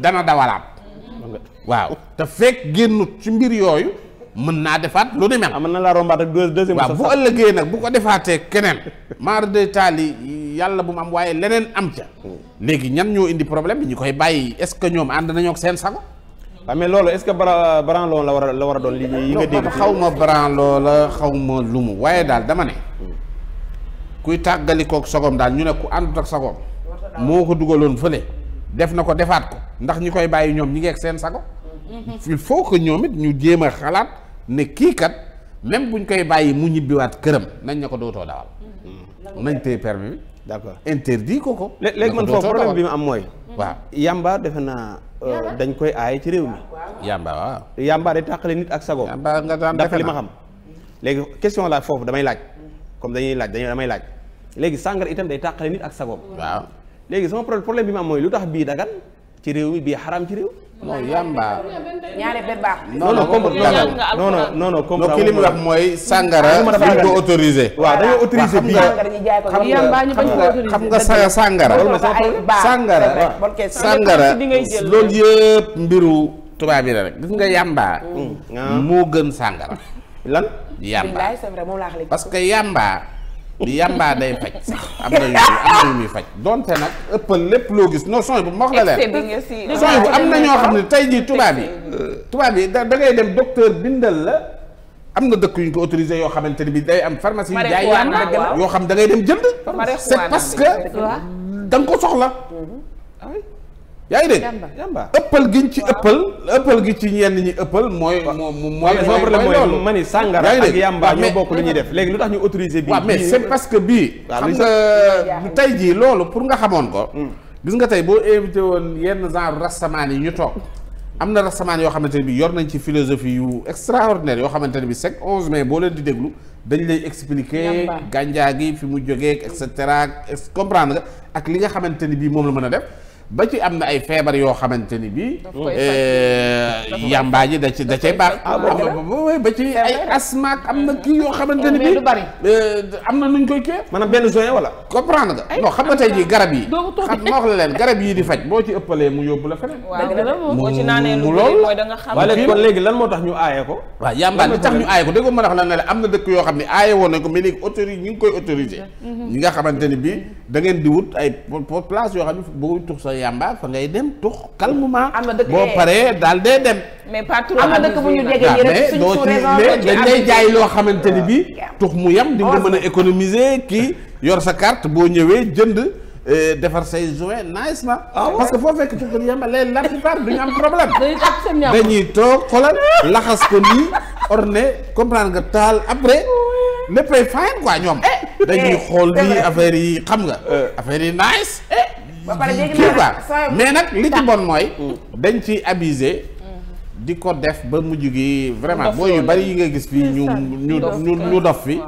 [SPEAKER 7] dana dawalaat. waaw te fekk génnut ci mbir yooyu. mën naa defaat lu ni mel. Ah, mën na laa rombaat ak deuxième. waaw bu ëllëgee nag bu ko defaatee keneen. maar de taali yàlla bu mu am waaye leneen am ca. léegi ñan ñoo indi problème bi ñu koy bàyyi est-ce que ñoom ànd nañoo ak seen sago. waaw ah, mais loolu est-ce que bara branlon la war a la war a doon. yi xaw ma branlon la xaw ma lu mu waaye daal dama ne. kuy tàggalikook sagom daal ñu ne ku àndut ak sagom moo ko dugaloon fële def na ko defaat ko ndax ñi koy bàyyi ñoom ñi ngeeg seen sago foo mhm. faut que ñoom it ñu jéem a xalaat ne kii kat même buñ koy bàyyi mu
[SPEAKER 2] ñibbiwaat këram nañ na ko dootoo dawal.
[SPEAKER 4] Hmm. nañ téye
[SPEAKER 2] permis bi. d' accord interdit ko ko.
[SPEAKER 4] léegi man foofu problème bi mu am
[SPEAKER 2] mooy. waaw yamba defe naa euh, dañ koy aaye ci réew mi. yamba waaw. yamba day tàqale nit ak sago. yamba nga daan li ma xam. léegi question la foofu damay laaj. comme dañuy laaj dañuy damay laaj. léegi sàngara itam day tàqale nit ak sagoom. waaw léegi sama bi mooy lu tax bii dagan ci réew mi bii xaraam ci réew. non yamba.
[SPEAKER 3] ñaare ba baax. non non non non non
[SPEAKER 2] non ki li mu wax mooy. Ah, sàngara dañ ko autorisé. waaw dañoo autorisé
[SPEAKER 3] bii xam nga sàngara.
[SPEAKER 7] sàngara sàngara loolu yëpp mbiru tubaab yi la rek gis nga mm. yamba. Mm. moo gën sàngara. lan yamba parce que yamba. li yàmbaa day faj sax am na yu am na muy faj donte nag ëppal lépp loo gis non sooy bu ma wax la leen sooy bu am na ñoo xam ne tey jii tubaab yi tubaab yi da ngay dem docteur bindal la am na dëkk yu ñu ko autorisé yoo xamante ni bi day am pharmacie yu jaay yoo xam da ngay dem jënd c'est parce que da nga ko
[SPEAKER 4] soxla mm-hmm. ah yaa de dégg
[SPEAKER 7] ëppal giñ ci ëppal ëppal gi ci ñenn ñi ëppal mooy moom mooy problème mooy ma ni sàngara ak yàmba ñoo bokk lu ñuy def
[SPEAKER 2] léegi lu tax ñu autorisé bii waaw mais c'est
[SPEAKER 7] parce que bii xam tey jii loolu pour nga xamoon ko hmm. gis nga tey boo invité woon yenn genre rastamaan yi ñu toog am na rastamaan yoo xamante ne bi yor nañ ci philosophie yu extraordinaire yoo xamante ne bi chaque onze mai boo leen déglu dañ lay expliquer gànjaa gi fi mu jógee et cetera comprendre ak li nga xamante ni bii moom la mën a def ba ci am na ay feebar yoo xamante ni bii. yàmbaa eh, ji da ci da cay baax. Ah, ba ci ay asma am na kii yoo xamante ni bii. Eh, am na nuñ koy kii. maanaam benn zoé wala. comprendre nga non xam nga tey jii yi. boo ci ëppalee mu yóbbu la feneen.
[SPEAKER 6] mu mu loolu waaye kon léegi
[SPEAKER 7] lan moo tax ñu aaye ko. ko dégg nga a wax dëkk yoo xam ne aaye woon nañ ko mais léegi autorise ñu koy autorisé. Mm-hmm. ñi nga xamante ni bii da ngeen di wut ay place yoo xam ne bëgguñ tux sa yàmba fa ngay dem tux calmement. am na dëkk boo paree daal dee dem.
[SPEAKER 6] dañ lay jaay
[SPEAKER 7] loo xamante ni bii. tux mu yam di nga mën a économiser ki yor sa carte boo ñëwee jënd. Eh, defar say joint nice na ah parce que foo fekk tukkat yamba léegi la plupart du ñu am problème dañuy toog xoolal laxas ko nii orné comprendre nga taal après léppay fine quoi ñoom eh, dañuy eh, xool nii affaire yi xam nga affaire yi nice
[SPEAKER 3] ba pare mais
[SPEAKER 7] nag li ci bon mooy. Mm. dañ ci abusé. di ko def ba mujj gi vraiment boo yu bari yi nga gis fii ñu ñu ñu dof fi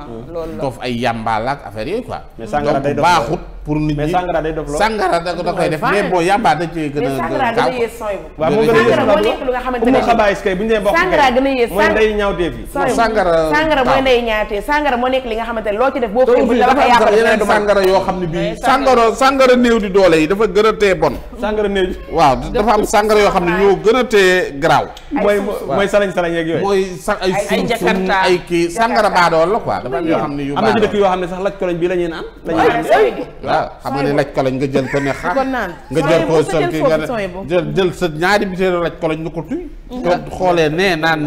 [SPEAKER 7] toof mm. ay yàmbaal ak affaire yooyu quoi. mais sàngara day baaxut. pour nit ñi mais sangara day def loolu sangara da koy def mais bon yàmbaa da ci gën a. sangara gën a yee
[SPEAKER 3] sooy bu. waaw moo gën a yee sangara moo nekk lu nga xamante ne moom xabaayis kay bu ñu nee bokk sangara gën a yee mooy ndey ñaaw dee fi sangara sangara mooy ndey ñaatee sangara moo nekk li nga xamante ne loo ci def boo xëy bu la waxee yàpp yeneen sangara
[SPEAKER 7] yoo xam ne bii sangara sangara néew di doole yi dafa gën a tee bon sangara néew di waaw dafa am sangara yoo xam ne ñoo gën a tee garaaw mooy mooy salañ salañ yeeg yooyu mooy sa ay sun ay kii sangara baadool la quoi dafa am yoo xam ne yu am na ci dëkk
[SPEAKER 2] yoo xam ne sax laj coloñ bi la ñuy naan ah xam nga ne
[SPEAKER 7] laj koloñ nga jël ko ne xaar nga jël ko sol ki nga jël jël sa ñaari bitéelu laj koloñ ñu ko tuy mm-hmm. xoolee nee naan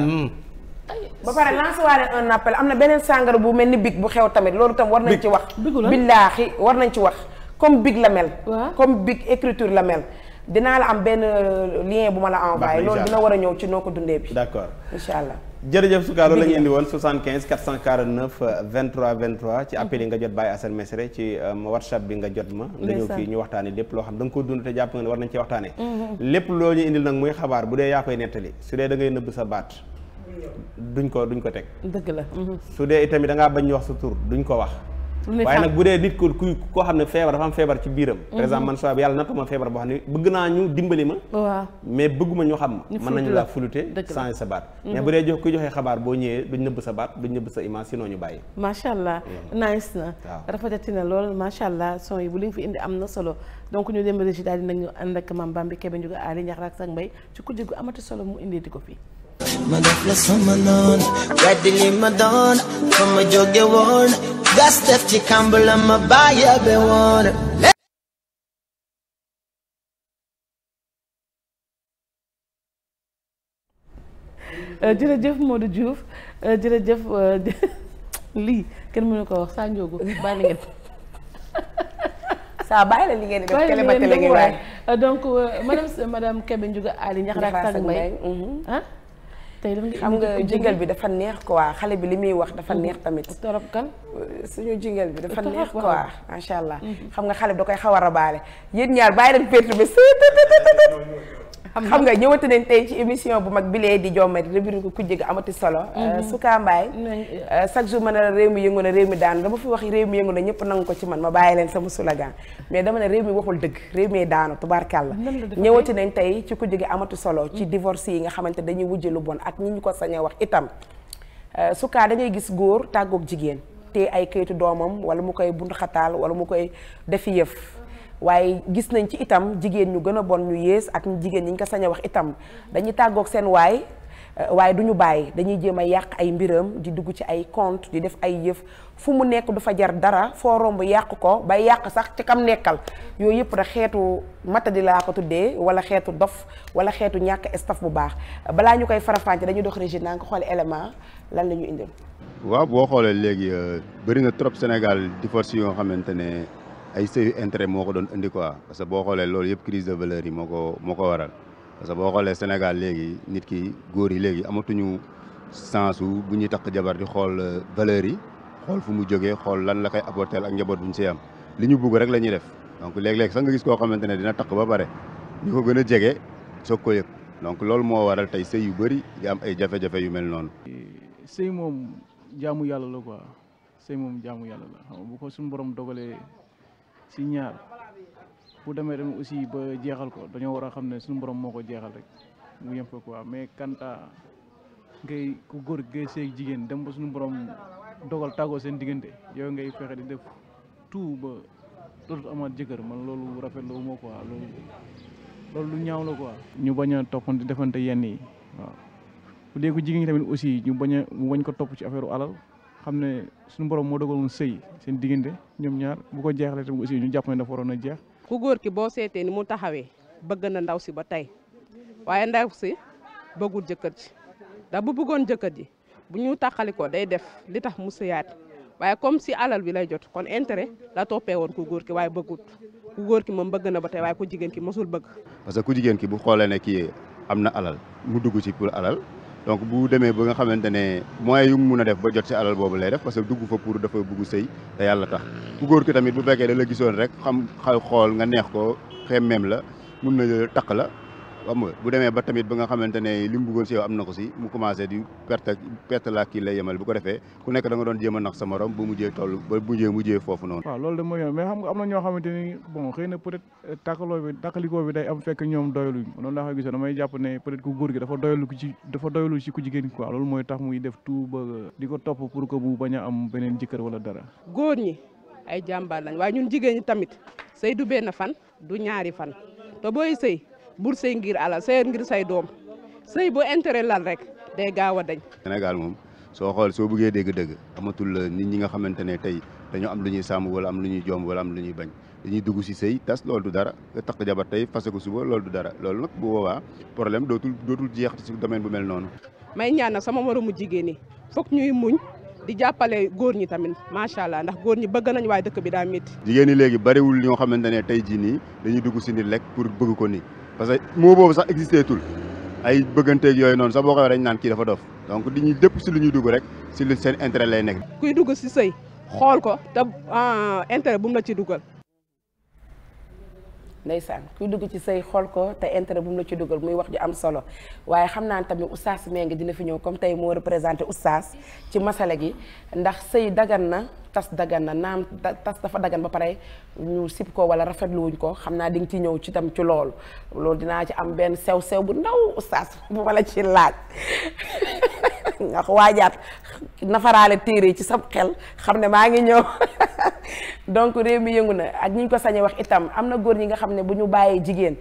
[SPEAKER 3] ba pare lancé waale un appel am na beneen sàngara bu mel ni big bu xew tamit loolu tam war nañ ci wax billaahi war nañ ci wax comme big la mel comme big écriture la mel dinaa la am benn euh, lien bu ma la envoyé loolu dina war a ñëw ci noo ko dundee bi d'accord incha allah
[SPEAKER 2] jërëjëf su kaa loolu la ñu indi woon 75 449 23 23 ci appel yi nga jot Baye Assane Mesere ci um, WhatsApp bi nga jot ma nga ñëw fii ñu waxtaane lépp loo xam da nga ko dund te jàpp nga ne war nañ ci waxtaane mm-hmm. lépp loo ñu indil nag muy xabaar bu dee yaa koy nettali su dee da ngay nëbb sa baat duñ ko duñ ko teg la mm-hmm. su dee itamit da ngaa bañ ñu wax sa tur duñ ko wax
[SPEAKER 3] waaye nag bu dee nit
[SPEAKER 2] ko koo xam ne feebar dafa am feebar ci biiram mhm. par exemple man saa yàlla nattuma feebar boo xam ne bëgg naa ñu dimbali ma waaw mais bëgguma ñu xam ma mën nañu laa fulute changé sa baat mhm. mais bu dee joxee xabaar boo ñëwee duñ nëbb sa baat duñ nëbb sa image sinon ñu bàyyi
[SPEAKER 3] macha allah mhm. nice na rafetati na lool macha allah son yi bu li nga fi indi am na solo donc ñu dem régi daal di nag ñu ànd ak Mame Bambi Kébé Ndiouga Ali Ndiakhate ak Mbaye ci amati solo mu indi di ko fii
[SPEAKER 4] ma def
[SPEAKER 5] la sama noon weddi li ma doon fa ma jóge gas def ci kàmb la ma bàyyi be woon
[SPEAKER 3] euh, jërëjëf Modou Diouf euh, jërëjëf euh, lii kenn mënu ko wax saa njóogu bàyyi ngeen la li ngeen di def kele ba tele ngeen waay donc madame madame Kébé Ndiouga tey xam nga jingle bi dafa neex waa xale bi li muy wax dafa neex tamit. torop kan euh, suñu jingle bi dafa neex waa macha allah. Mm-hmm. xam nga xale bi da koy xaw a rabaale yéen ñaar bàyyi leen perte bi xam nga ñëwati nañ tey ci émission bu mag bi lee di jommee rubrique ku jege amati solo mm-hmm. euh, Souka Mbaye euh, chaque jour ma ne réew mi yëngu na réew mi daanu dama fi wax réew mi yëngu na ñëpp nangu ko ci man ma bàyyi leen sama slogan mais dama ne réew mi waxul dëgg réew mi daanu tubaarkàlla ñëwati nañ tey ci ku gi amati solo ci mm-hmm. divorce yi nga xamante dañuy wujj lu bon ak ñi ñu ko sañee wax itam euh, suka da gis góor tàggoog jigéen te ay kayitu doomam wala mu koy buntu xataal wala mu koy defi yëf waaye gis nañ ci itam jigéen ñu gën a bon ñu yées ak jigéen ñi ñu ko sañ a wax itam dañuy tàggook seen waay euh, waaye du ñu bàyyi dañuy jéem a yàq ay mbiram di dugg ci ay compte di def ay yëf fu mu nekk du fa jar dara foo romb yàq ko bay yàq sax ci kam nekkal yooyu yëpp rek xeetu matadi laa ko tuddee wala xeetu dof wala xeetu ñàkk staf bu baax balaa ñu koy farafànce dañuy dox régime naa nga xoole élément lan la ñu indil.
[SPEAKER 1] waaw boo xoolee léegi euh, bëri nga trop Sénégal di yoo xamante ne. ay sëyu intérêt moo ko doon indi quoi parce que boo xoolee loolu yëpp crise de valeur yi moo ko moo ko waral parce que boo xoolee Sénégal léegi nit ki góor yi léegi amatuñu sensu bu ñuy takk jabar di xool euh, valeur yi xool fu mu jógee xool lan la koy apporter ak njaboot bu ñu siy am li ñu bugg rek la ñuy def donc léeg-léeg sax nga gis koo xamante ne dina takk ba pare ñu ko gën a jege soog ko yëg donc loolu moo waral tey sëy yu bëri di ay jafe-jafe yu mel noonu.
[SPEAKER 8] sëy moom jaamu yàlla ko suñu borom dogalee si ñaar bu demee dem aussi ba jeexal ko dañoo war a xam ne suñu boroom moo ko jeexal rek mu yem fa quoi mais kanta ngay ku góor ngay jigéen dem ba suñu borom dogal tàggoo seen diggante yow ngay fexe di def tout ba dootul amaat jëkkër man loolu rafetlu wu ko quoi loolu loolu lu ñaaw la ñu bañ a di defante yenn yi waaw léegi jigéen ñi tamit aussi ñu bañ a mu bañ ko topp ci affaire alal. xam ne suñu borom moo dogaloon sëy seen diggante ñoom ñaar bu ko jeexalee tamit aussi ñu jàpp ne dafa waroon a jeex. ku góor ki
[SPEAKER 3] boo seetee ni mu taxawee bëgg na ndaw si ba tey waaye ndaw si bëggul jëkkër ji ndax bu bëggoon jëkkër ji bu ñu taxali ko day def li tax mu sëyaat waaye comme si alal bi lay jot kon intérêt la toppeewoon woon ku góor ki waaye bëggut ku góor ki moom bëgg na ba tey waaye ku jigéen ki mosul bëgg.
[SPEAKER 1] parce que ku jigéen ki bu xoolee ne kii am na alal mu dugg ci pour donc bu demee ba nga xamante ne moyens yu mu mun a def ba jot ci alal boobu lay def parce que dugg fa pour dafa bugg sëy te yàlla tax ku góor ki tamit bu fekkee da la gisoon rek xam xay xool nga neex ko xemmeem la mun na takk la xam nga bu demee ba tamit ba nga xamante ne li mu bëggoon si yow am na ko si mu commencé di perte perte la kii lay yemal bu ko defee ku nekk danga doon jéem a nax sa morom bu mujjee toll ba mujjee mujjee foofu noonu
[SPEAKER 8] waaw loolu de mooy am na ñoo xamante ni bon xëy na peut être euh, tàkkaloo bi tàkkalikoo bi day am fekk ñoom doyaluñ noonu laa koy gisee damay jàpp ne peut être ku góor gi dafa doyalu ci dafa doyalu ci ku jigéen quoi loolu mooy tax muy def tout ba di ko topp pour que bu bañ a am beneen jëkkër wala dara
[SPEAKER 3] góor ñi ay jàmbaar lañ waaye ñun jigéen ñi tamit sëy du benn fan du ñaari fan te booy sëy bul sey ngir alal sëyal ngir say doom sey boo intérêt lal rek day gaaw a dañ.
[SPEAKER 1] Sénégal moom soo xool soo bëggee dégg-dëgg amatul la euh, nit ñi nga xamante ne tey dañoo am lu ñuy sàmm wala am lu ñuy joom wala am lu ñuy bañ dañuy dugg si sëy tas loolu du dara nga takk jabar tey fase ko suba loolu du dara loolu nag bu boobaa problème dootul dootul jeex ci domaine bu mel noonu.
[SPEAKER 3] may ñaana sama moroomu jigéen ñi foog ñuy muñ. di jàppale góor ñi tamit macha allah ndax góor ñi bëgg nañ waaye dëkk bi daa métti.
[SPEAKER 1] jigéen léegi bariwul ñoo xamante ne tey jii dañuy dugg si nit lekk pour bëgg ko ni parce que mot boobu sax existé tul ay bëgganteeg yooyu noonu sax boo ko dañ naan kii dafa dof donc di ñuy dëpp si lu ñuy dugg rek si lu seen intérêt lay nekk.
[SPEAKER 3] kuy dugg si sëy xool ko te ah, intérêt bu mu la ci dugal. ndeysaan kuy dugg ci sëy xool ko te intérêt bu mu la ci dugal muy wax ju am solo waaye xam naa tamit oustaz Mbengue dina fi ñëw comme tey moo représenté oustaz ci masala gi ndax sëy dagan na. tas dagan na naam tas dafa dagan ba pare ñu sib ko wala rafetluwuñ ko xam naa di nga ci ñëw ci tam ci loolu loolu dinaa ci am benn sew sew bu ndaw oustaz bu ma la ci laaj nga waajaat nafaraale téere ci sab xel xam ne maa ngi ñëw donc réew mi yëngu na ak ñu ko sañee wax itam am na góor ñi nga xam ne bu ñu bàyyee jigéen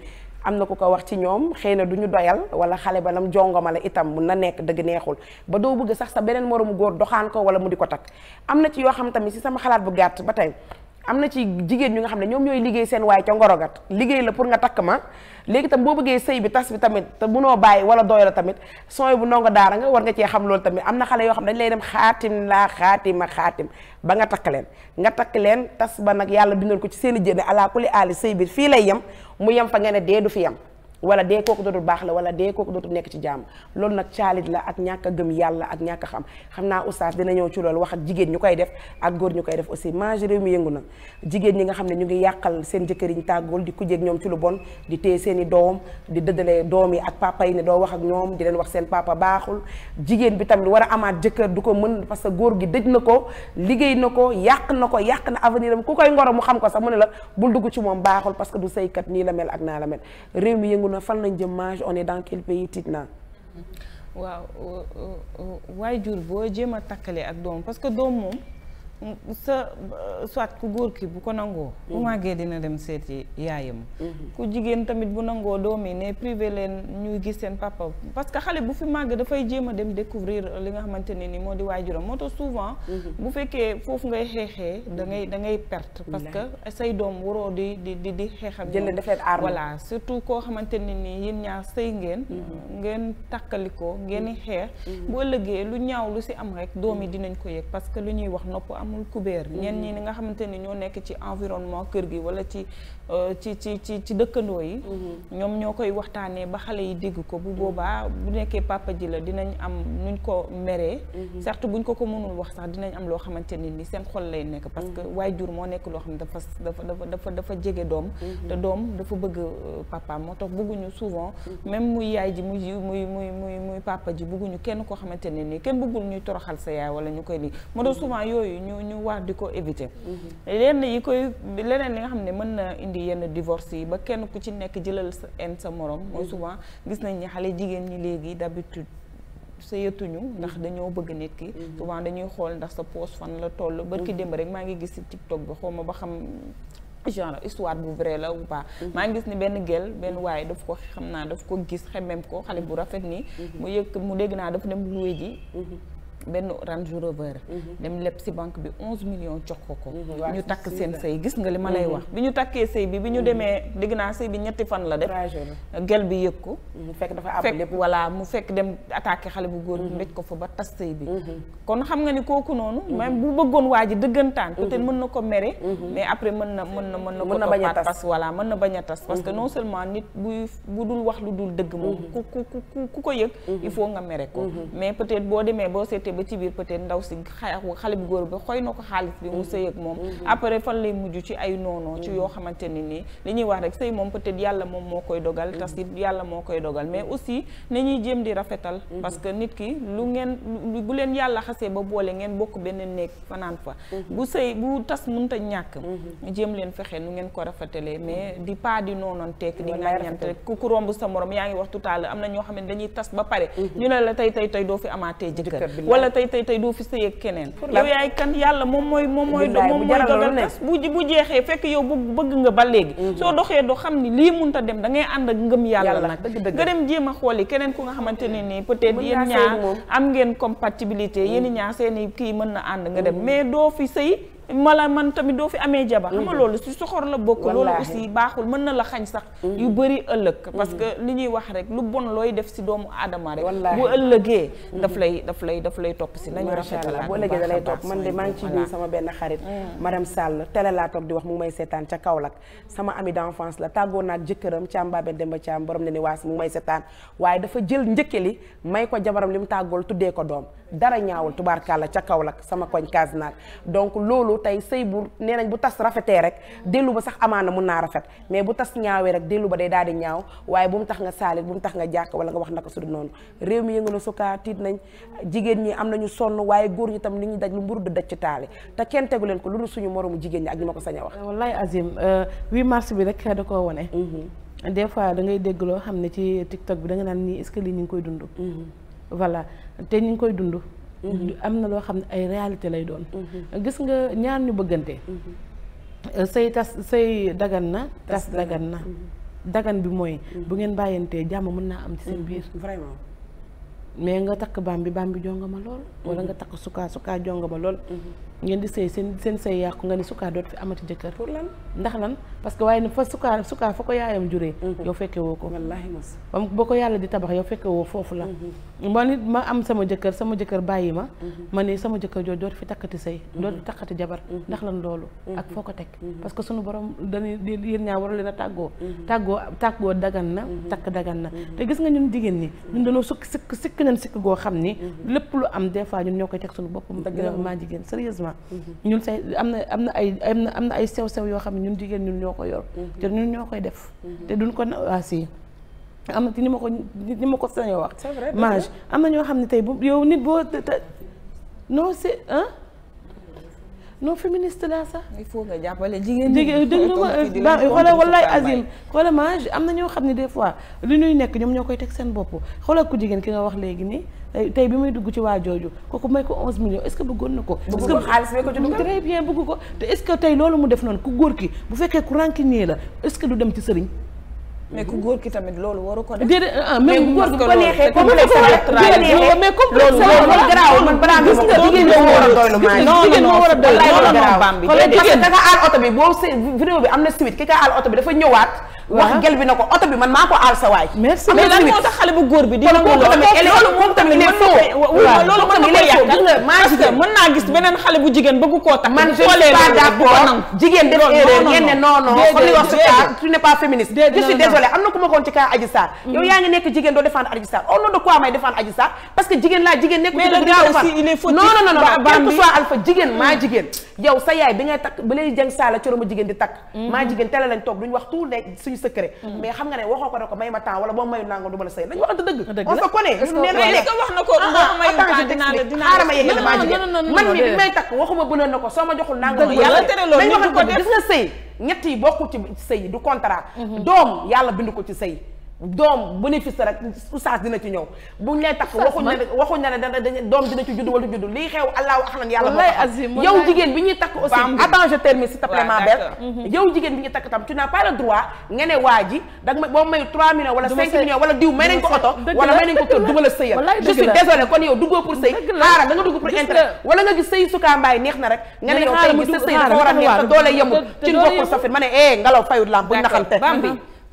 [SPEAKER 3] am na ku ko wax ci ñoom xëy na du ñu doyal wala xale ba nam jongoma la itam mun na nekk dëgg neexul ba doo bëgg sax sa beneen moromu góor doxaan ko wala mu di ko takk am na ci yoo xam tamit si sama xalaat bu gàtt ba tey am na ci jigéen ñu nga xam ne ñoom ñooy liggéey seen waay ca ga liggéey la pour nga takk ma léegi tam boo bëggee sëy bi tas bi tamit te munoo bàyyi wala dooy la tamit sooy bu ndongo daara ngay war nga cee xam loolu tamit am na xale yoo xam dañ lay dem xaatim laa xaatima xaatim ba nga takk leen nga takk leen tas ba nag yàlla bindal ko ci seen i jëne alaa kulli aali sëy bi fii lay yem mu yem fa nga ne dee du fi yem wala dee kooku dootul baax la wala dee kooku dootul nekk ci jàmm loolu nag caalit la ak ñàkk gëm yàlla ak ñàkk xam xam naa oustaz dina ñëw ci loolu wax ak jigéen ñu koy def ak góor ñu koy def aussi mange réew yëngu na jigéen ñi nga xam ne ñu ngi yàqal seen jëkkër yi ñu tàggool di kujjeeg ñoom ci lu bon di téye seeni doom di dëddale doom yi ak papa yi ne doo wax ak ñoom di leen wax seen papa baaxul jigéen bi tamit war a amaat jëkkër du ko mën parce que góor gi dëj na ko liggéey na ko yàq na ko yàq na avenir am ku koy ngoro mu xam ko sax mu ne la bul dugg ci moom baaxul que du saykat nii la mel ak naa mel yëngu na fan lañ jëm mage on est dans quel pays tiit naa
[SPEAKER 6] waaw waajur boo jëm a takkalee ak doom parce que doom moom sa soit ku góor ki bu ko nangoo bu mhm. màggee dina dem seeti yaayam mhm. ku jigéen tamit bu nangoo doom ne privé leen ñuy gis seen papa parce que xale bu fi màgg dafay jéem a dem découvrir li nga xamante ne ni moo di waajuram moo tax souvent mhm. bu fekkee foofu ngay xeexee da ngay da ngay perte parce que say doom waroo di di di di xeexam voilà surtout koo xamante ne ni yéen ñaar sëy ngeen ngeen takkali ko ngeen i xeex bu ëllëgee lu ñaaw lu si am rek doom yi dinañ ko yëg parce que amul kubéer mm-hmm. ñenn ñi nga xamante ni ñoo nekk ci environnement kër gi wala ci euh, ci ci ci ci dëkkandoo yi mm-hmm. ñoom ñoo koy waxtaanee ba xale yi dégg ko bu boobaa mm-hmm. bu nekkee papa ji la dinañ am nuñ ko meree certes buñ ko ko mënul wax sax dinañ am loo xamante ni ni seen xol lay nekk parce que waajur moo nekk loo xam ne dafa dafa dafa dafa dafa jege doom te doom dafa bëgg euh, papa moo tax bëgguñu souvent même muy yaay ji muy muy muy muy muy papa ji bëgguñu kenn koo xamante ne ni kenn bëggul ñuy toroxal sa yaay wala ñu koy ñu wax di ko éviter lenn mm-hmm. yi koy leneen li nga xam ne mën na indi yenn divorce yi ba kenn ku ci nekk jëlal sa en sa moroom mooy mm-hmm. souvent gis nañ ni xale jigéen ñi léegi d'habitude sëyatuñu ndax mm-hmm. dañoo bëgg nit ki souvent dañuy xool ndax sa poos fan la toll barki démb rek maa ngi gis ci TikTok bi xaw ma ba xam genre histoire bu vrai la ou pas maa ngi gis ni benn gel benn waaye daf ko xam naa daf ko gis xemem ko xale bu rafet nii mu yëg mu dégg naa dafa dem luwe ji benn Range Rover mhm. dem leb si banque bi onze millions jox ko mhm, ñu takk seen sëy gis nga li ma lay mhm. wax bi ñu takkee sëy bi bi ñu demee dégg naa sëy bi ñetti fan la def gel bi yëg ko fekk dafa àbb lépp voilà mu fekk dem attaqué xale bu góor bi mbéj ko fa ba tas sëy bi kon xam nga ni kooku noonu même bu bëggoon waa ji dëggantaan peut mën na ko mere mais après mën na mën na mën na ko toppaat parce que voilà mën na bañ a tas parce que non seulement nit buy bu dul wax lu dul dëgg moom ku ko yëg il faut nga mere ko ba ci biir peut ndaw si xale bu góor ba xoy na ko xaalis bi mu mm-hmm. sëy ak moom mm-hmm. après fan lay mujj ci ay noonoo ci mm-hmm. yoo xamante ni nii li ñuy wax rek sëy moom peut yàlla moom moo koy dogal tas it yàlla moo koy dogal mais aussi na ñuy jéem di rafetal parce que nit ki lu ngeen bu leen yàlla xasee ba boole ngeen bokk benn néeg fanaan fa bu sëy bu tas mënta ñàkk jéem leen fexe nu ngeen ko rafetalee mais di pas di noonoon tekk di ngañante rek ku romb sa moroom yaa ngi wax tout à am na ñoo xam ne dañuy tas ba pare ñu ne la tey tey tey doo fi amaatee jëkkër la tey tey tey doo fi sëy ak keneen yow yaay kan yàlla moom mooy moom mooy moom mooy dogal tas bu bu jeexee fekk yow bëgg nga ba léegi mhm. soo doxee doo xam ni lii munta dem da ngay ànd ak ngëm yàlla la nga dem jéem a xool yi keneen ku nga xamante ne nii peut-être yéen ñaar am ngeen compatibilité yéen mhm. ñaar seeni kii mën na ànd nga dem mhm. mais doo fi sëy mala man tamit doo fi amee jabar xam nga mm-hmm. loolu si soxor la bokk loolu aussi baaxul mën na la xañ sax mm-hmm. yu bëri ëllëg parce que mm-hmm. li ñuy wax rek lu bon looy def si doomu aadama rek bu ëllëgee daf lay daf lay daf lay topp si nañu rafetalaat bu ëllëgee da lay topp man de maa ngi ci nuyu sama
[SPEAKER 3] benn xarit mm. madame Sall télé laa toog di wax mu ngi may seetaan ca Kaolack sama ami d'enfance la tàggoo naag jëkkëram Thiam dem Demba Thiam borom ne ni waas mu ngi may seetaan waaye dafa jël li may ko jabaram li mu tàggool tuddee ko doom dara ñaawul tubaarkàlla ca Kaolack sama koñ loolu tey sëy bu nee nañ bu tas rafetee rek dellu ba sax amaana mun naa rafet mais bu tas ñaawee rek dellu ba day daal di ñaaw waaye bu mu tax nga saalit bu mu tax nga jàkk wala nga wax naka su dul noonu réew mi yëngu ñi am nañu sonn waaye góor ñi tam li ñu daj lu mburu daj ci taali te kenn ko lu dul suñu moromu jigéen ñi ak ñi ma ko sañ a wax wallaay Azim 8 euh, mars bi rek da koo wone mm-hmm. des fois da ngay dégg loo xam ne ci TikTok bi da nga naan nii est-ce que lii koy dund mm-hmm. voilà te ñu ngi koy dund am na loo xam ne ay réalité lay doon mm-hmm. gis nga ñaar ñu bëggante mm-hmm. euh, say tas say dagan na tas dagan na mm-hmm. dagan bi mooy bu ngeen bàyyantee jàmm mun naa am ci seen biir vraiment mais nga takk baam bi baam bi jonga ma lool wala nga takk sukaa sukaa jonga ma lool ngeen di sëy seen seen sëy yàqu nga ne sukaa doot fi amati jëkkër pour lan ndax lan parce que waaye ne fa sukaa sukaa fa ko yaayam juree mhm. yow fekke woo ko wallaahi ko yàlla di tabax yow fekke woo foofu la ma mhm. nit ma am sama jëkkër sama jëkkër bàyyi ma mhm. ma ne sama jëkkër jooju doot fi takkati sëy doot fi takkati jabar ndax lan loolu ak foo ko teg parce que sunu borom dañuy yéen ñaa war leen a tàggoo tàggoo tàggoo dagan na takk dagan na te gis nga ñun jigéen ñi ñun dañoo sukk sikk sikk nañ sikk goo xam ni lépp lu am des fois ñun ñoo koy teg sunu bopp maa jigéen traitement mhm. ñun say am na am na ay am na ay sew-sew yoo xam ne ñun jigéen ñun ñoo ko yor mhm. te ñun ñoo koy def mhm. te duñ ko waasi ah, am ni ma ko ni ma ko sañoo wax mange am
[SPEAKER 6] na ñoo xam ne tey bu yow nit boo non c'est hein non féministe laa sax. il faut nga jàppale jigéen ñi. dégg euh, nga xoola wallaay azim
[SPEAKER 3] xoola ma am na ñoo xam ne des fois li ñuy nekk ñoom ñoo koy teg seen bopp xoola ku jigéen ki nga wax léegi nii tey bi muy dugg ci waa jooju kooku may ko 11 millions est-ce que na ko. bëgg ko xaalis bi ko te est-ce tey loolu mu def noonu ku góor ki bu fekkee ku rancunier la est-ce que du dem ci sëriñ
[SPEAKER 6] mais ku góor ki tamit loolu waru ko def. déedéet ah góor gi ko neexee comme la mais comme loolu loolu garaaw man balaa nga ko jigéen moo war a doylu maa non jigéen moo war a doylu
[SPEAKER 3] loolu garaaw parce que da nga aal oto bi boo vidéo bi am na suite ki ka aal oto bi dafa ñëwaat wax gel bi na ko oto bi man maa ko aar sa waay merci mais lan moo tax xale bu góor bi di loolu moom tamit mën na loolu mën na ko yàq parce que mën naa gis beneen xale bu jigéen bëgg koo tax man je suis pas d'accord jigéen def erreur ngeen ne non non comme li wax tu n'es pas féministe
[SPEAKER 5] je suis désolée
[SPEAKER 3] am na ku ma koon ci cas Adji Sarr mm-hmm. yow yaa ngi nekk jigéen doo défendre Adji Sarr au nom de quoi may défendre Adji Sarr parce que jigéen laa jigéen nekk mais le gars aussi il est fautif non non non quel que soit alpha jigéen maa mm. jigéen yow sa yaay bi ngay takk ba lay jàng saala coro ma jigéen di takk mm-hmm. maa jigéen tele lañ toog duñ wax tout suñu suñu secret mm. mais xam nga ne waxoo ko ne ko may ma temps wala boo mayu nangam du la sëy dañ waxante dëgg on se connaît ñun neen lay wax na ko xaaral ma yeggee la maa jigéen man mi bi may takk waxuma bënoon na ko soo ma joxul nangam yàlla dañ waxante ko gis nga sëy ñett yi ci sëy du contrat mm-hmm. doom yàlla bind ko ci sëy doom bénéfice rek oustaz dina ci ñëw buñ lay takk waxuñ ne waxuñ ne dana doom dina ci judd wala judd lii xew allahu axlan yàlla moo jigéen bi ñuy takk aussi attends je termine s'il te plaît tam tu n'as nga ne waa ji boo may 3 millions wala 5 millions wala diw may nañ ko oto wala may nañ ko kër duma la sëyal je désolé kon yow duggoo pour sëy xaaral da nga pour intérêt wala nga gis sëy sukaa mbaay neex na rek nga ne yow tey gi sa sëy dafa war a neex te doole yemul ci nga ko
[SPEAKER 6] safin ma ne eh ngalaw fayut lamp buñ naxante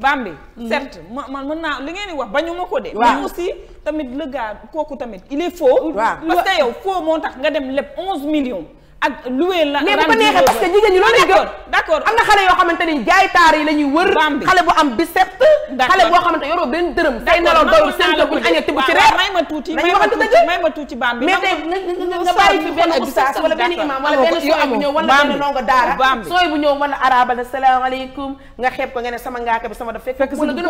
[SPEAKER 6] bambi mhm. certes ma man mën naa li ngeen di wax ba ñu ma ko de mais aussi tamit le gars kooku tamit il est waa parce que yow faux moo tax nga dem leb onze millions ak loué neexee parce jigéen ñi loolu gëm d'accord am na xale yoo xamante jaay taar yi la wër xale bu
[SPEAKER 3] am biceps xale boo xamante yoroo benn dërëm say nelaw doyul seen kër bu ñu añee benn
[SPEAKER 4] ustaas wala sooy bu
[SPEAKER 3] ñëw wala benn ndongo daara sooy nga xeeb ko nga ne sama ngaaka bi sama daf fekk wala gën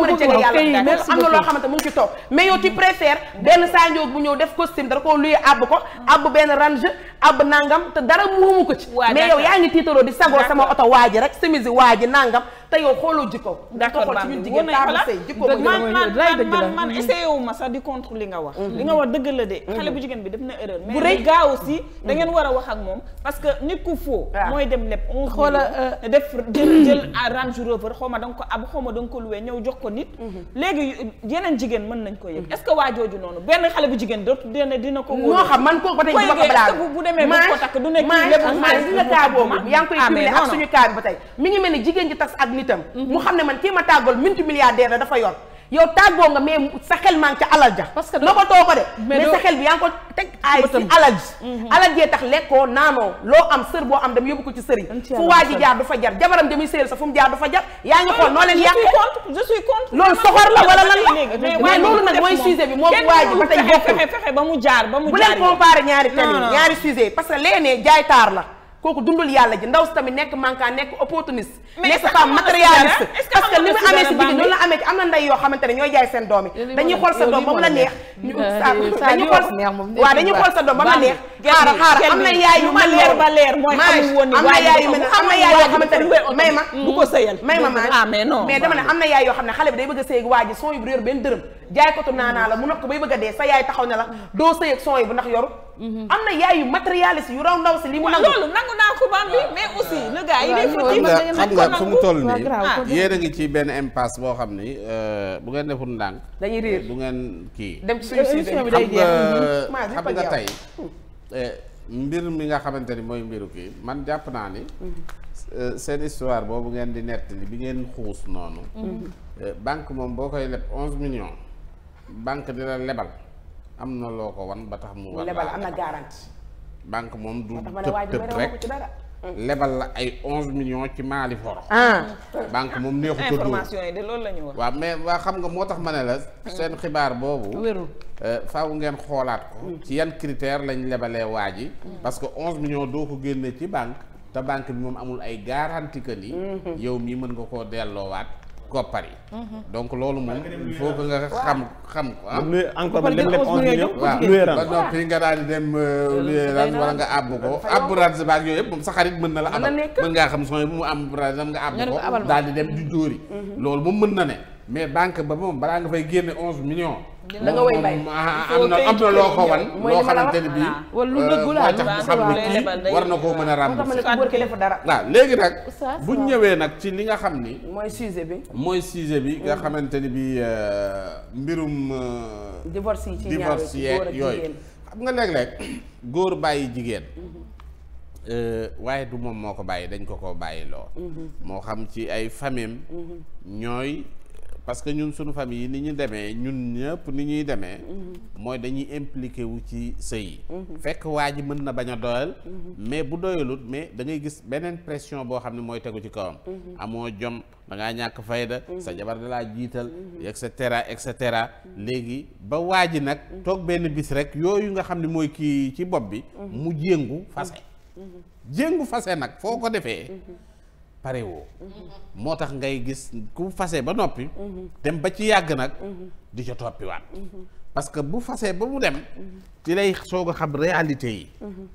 [SPEAKER 3] a mën a àbb ko àbb benn range àbb nangam te dara dara moomu ko ci mais yow yaa ngi tiitaroo di sagoo sama oto waaji rek simisi waaji nangam te yow xooloo jikko da ko xool ci ñun jigéen taamu sëy
[SPEAKER 6] jikko man mm-hmm. mm-hmm. mm-hmm. na erreur mais bu rëy gaa aussi da ngeen war a wax euh, nañ ko yëg est ce noonu benn xale bu jigéen dootu dina dina ko moo xam man ko ba tey bu ko ko daal bu demee ko takk du nekk lébu xaalis li nga kaa boobu ah, yaa ngi koy cumulé ak suñu
[SPEAKER 3] kaa ba tey mi ngi mel ni jigéen ji tas ak nitam mhm. mu xam ne man kii ma tàggool minti milliardaire la dafa yoon yow tàggoo nga mais sa xel maa ngi ca alal ja parce que nobatoo ko de mais sa xel bi yaa ngi ko teg ay si alal ji mm-hmm. alal jee tax lekkoo naanoo loo am sër boo am dem yóbbu ko ci sër yi fu waa ji jaar du fa jar jabaram damuy sëyal sa fu jaar du fa jar yaa ngi xool leen yàq loolu soxor la wala lan la mais loolu nag mooy sujet bi moom waa ji ba tey
[SPEAKER 6] mu jaar ba mu jaar bu leen comparé ñaari tali ñaari
[SPEAKER 3] sujet parce que jaay taar la kooku dundul yàlla ji ndaw si tamit nekk manquant nekk opportuniste nekk femme matérialiste parce que li mu amee si jigéen noonu la amee ci am na ndey yoo xamante ne ñooy jaay seen doom yi dañuy xool sa doom ba mu la neex dañuy xool sa doom ba la neex xaaral xaaral am na yaay yu ma leer ba leer mooy xamul woon ni am na yaay yu am na yaay yoo xamante ne may ma du ko mm. sëyal may ma maa mais dama ne am na yaay yoo xam ne xale bi day bëgg a sëy ak waa ji son yu bu réer benn dërëm jaay kotu naanaa la mu nag ko bay bëgg a dee sa yaay taxaw ne la doo sëy ak son yu bu ndax yoru mm-hmm. am na yaay yu matérialiste yu raw ndaw si li mu nangu loolu nangu naa ko
[SPEAKER 6] bam bi mais aussi le gars yi xam nga fu mu toll nii
[SPEAKER 7] yéen a ngi ci benn impasse boo xam ni euh, bu ngeen deful ndànk dañuy réer du ngeen kii dem ci suñu bi day jeex xam nga mm-hmm. tey mm. mbir mi nga xamante ni mooy mbiru kii man jàpp naa ni
[SPEAKER 4] mm-hmm.
[SPEAKER 7] seen histoire boobu ngeen di nettali bi ngeen xuus noonu mm-hmm. eh, banque moom boo koy leb onze millions banque di la lebal am na loo ko wan ba tax mu war lebal am na garantie banque moom du tëb tëb rek lebal la ay onze millions ci Mali foro ah. banque moom neexu ko information la ñu waaw mais waa xam nga moo tax ma ne la seen xibaar boobu euh, faw ngeen xoolaat ko mm. ci yan critère lañ lebalee waa ji mm. parce que onze millions doo ko génne ci banque te banque bi moom amul ay garantie que ni mm-hmm. yow mii mën nga koo delloowaat koppar yi. donc loolu moom il faut que nga xam xam ko ah. encore ba dem lépp onze millions waaw ba noppi nga daal di dem euh, luye ran wala nga àbb ko àbb range baag yooyu yëpp moom sa xarit mën na la abal mën ngaa xam sooy bu mu am range am nga àbb ko daal di dem di jóori mhm. loolu moom mën na ne mais banque ba moom balaa nga fay génne onze millions
[SPEAKER 4] da nga woy mbay ah, am na am loo ko wan loo xamante bi bii wala lu dëgg la tax mu xam ni war na koo mën a ràmb
[SPEAKER 3] waaw léegi nag buñ
[SPEAKER 7] ñëwee nag ci li nga xam ni
[SPEAKER 3] mooy sujet bi
[SPEAKER 7] mooy sujet bi nga mm. xamante ni bii euh, mbirum euh, divorce yi ci divorce yooyu xam nga léeg-léeg mm-hmm. góor bàyyi jigéen mm-hmm. euh, waaye du moom moo ko bàyyi dañ ko ko bàyyi loo mm-hmm. moo xam ci ay famem ñooy parce que ñun sunu famille yi ni ñu demee ñun ñëpp ni ñuy demee mm-hmm. mooy dañuy impliqué wu ci sëy yi mm-hmm. fekk waa ji mën na bañ a doyal mm-hmm. mais bu doyalut mais da gis beneen pression boo xam ne mooy tegu ci kawam amoo jom dangaa ñàkk fayda sa jabar da laa jiital et cetera et cetera léegi ba waa ji nag toog benn bis rek yooyu nga xam ni mooy kii ci bopp bi mu jéngu fase jéngu fase nag foo ko defee pare
[SPEAKER 4] mm-hmm.
[SPEAKER 7] moo tax ngay gis ku fase ba noppi mm-hmm. dem ba ci yàgg nag mm-hmm. di ca toppiwaat parce que bu fasee ba mu dem ci lay soog a xam réalité yi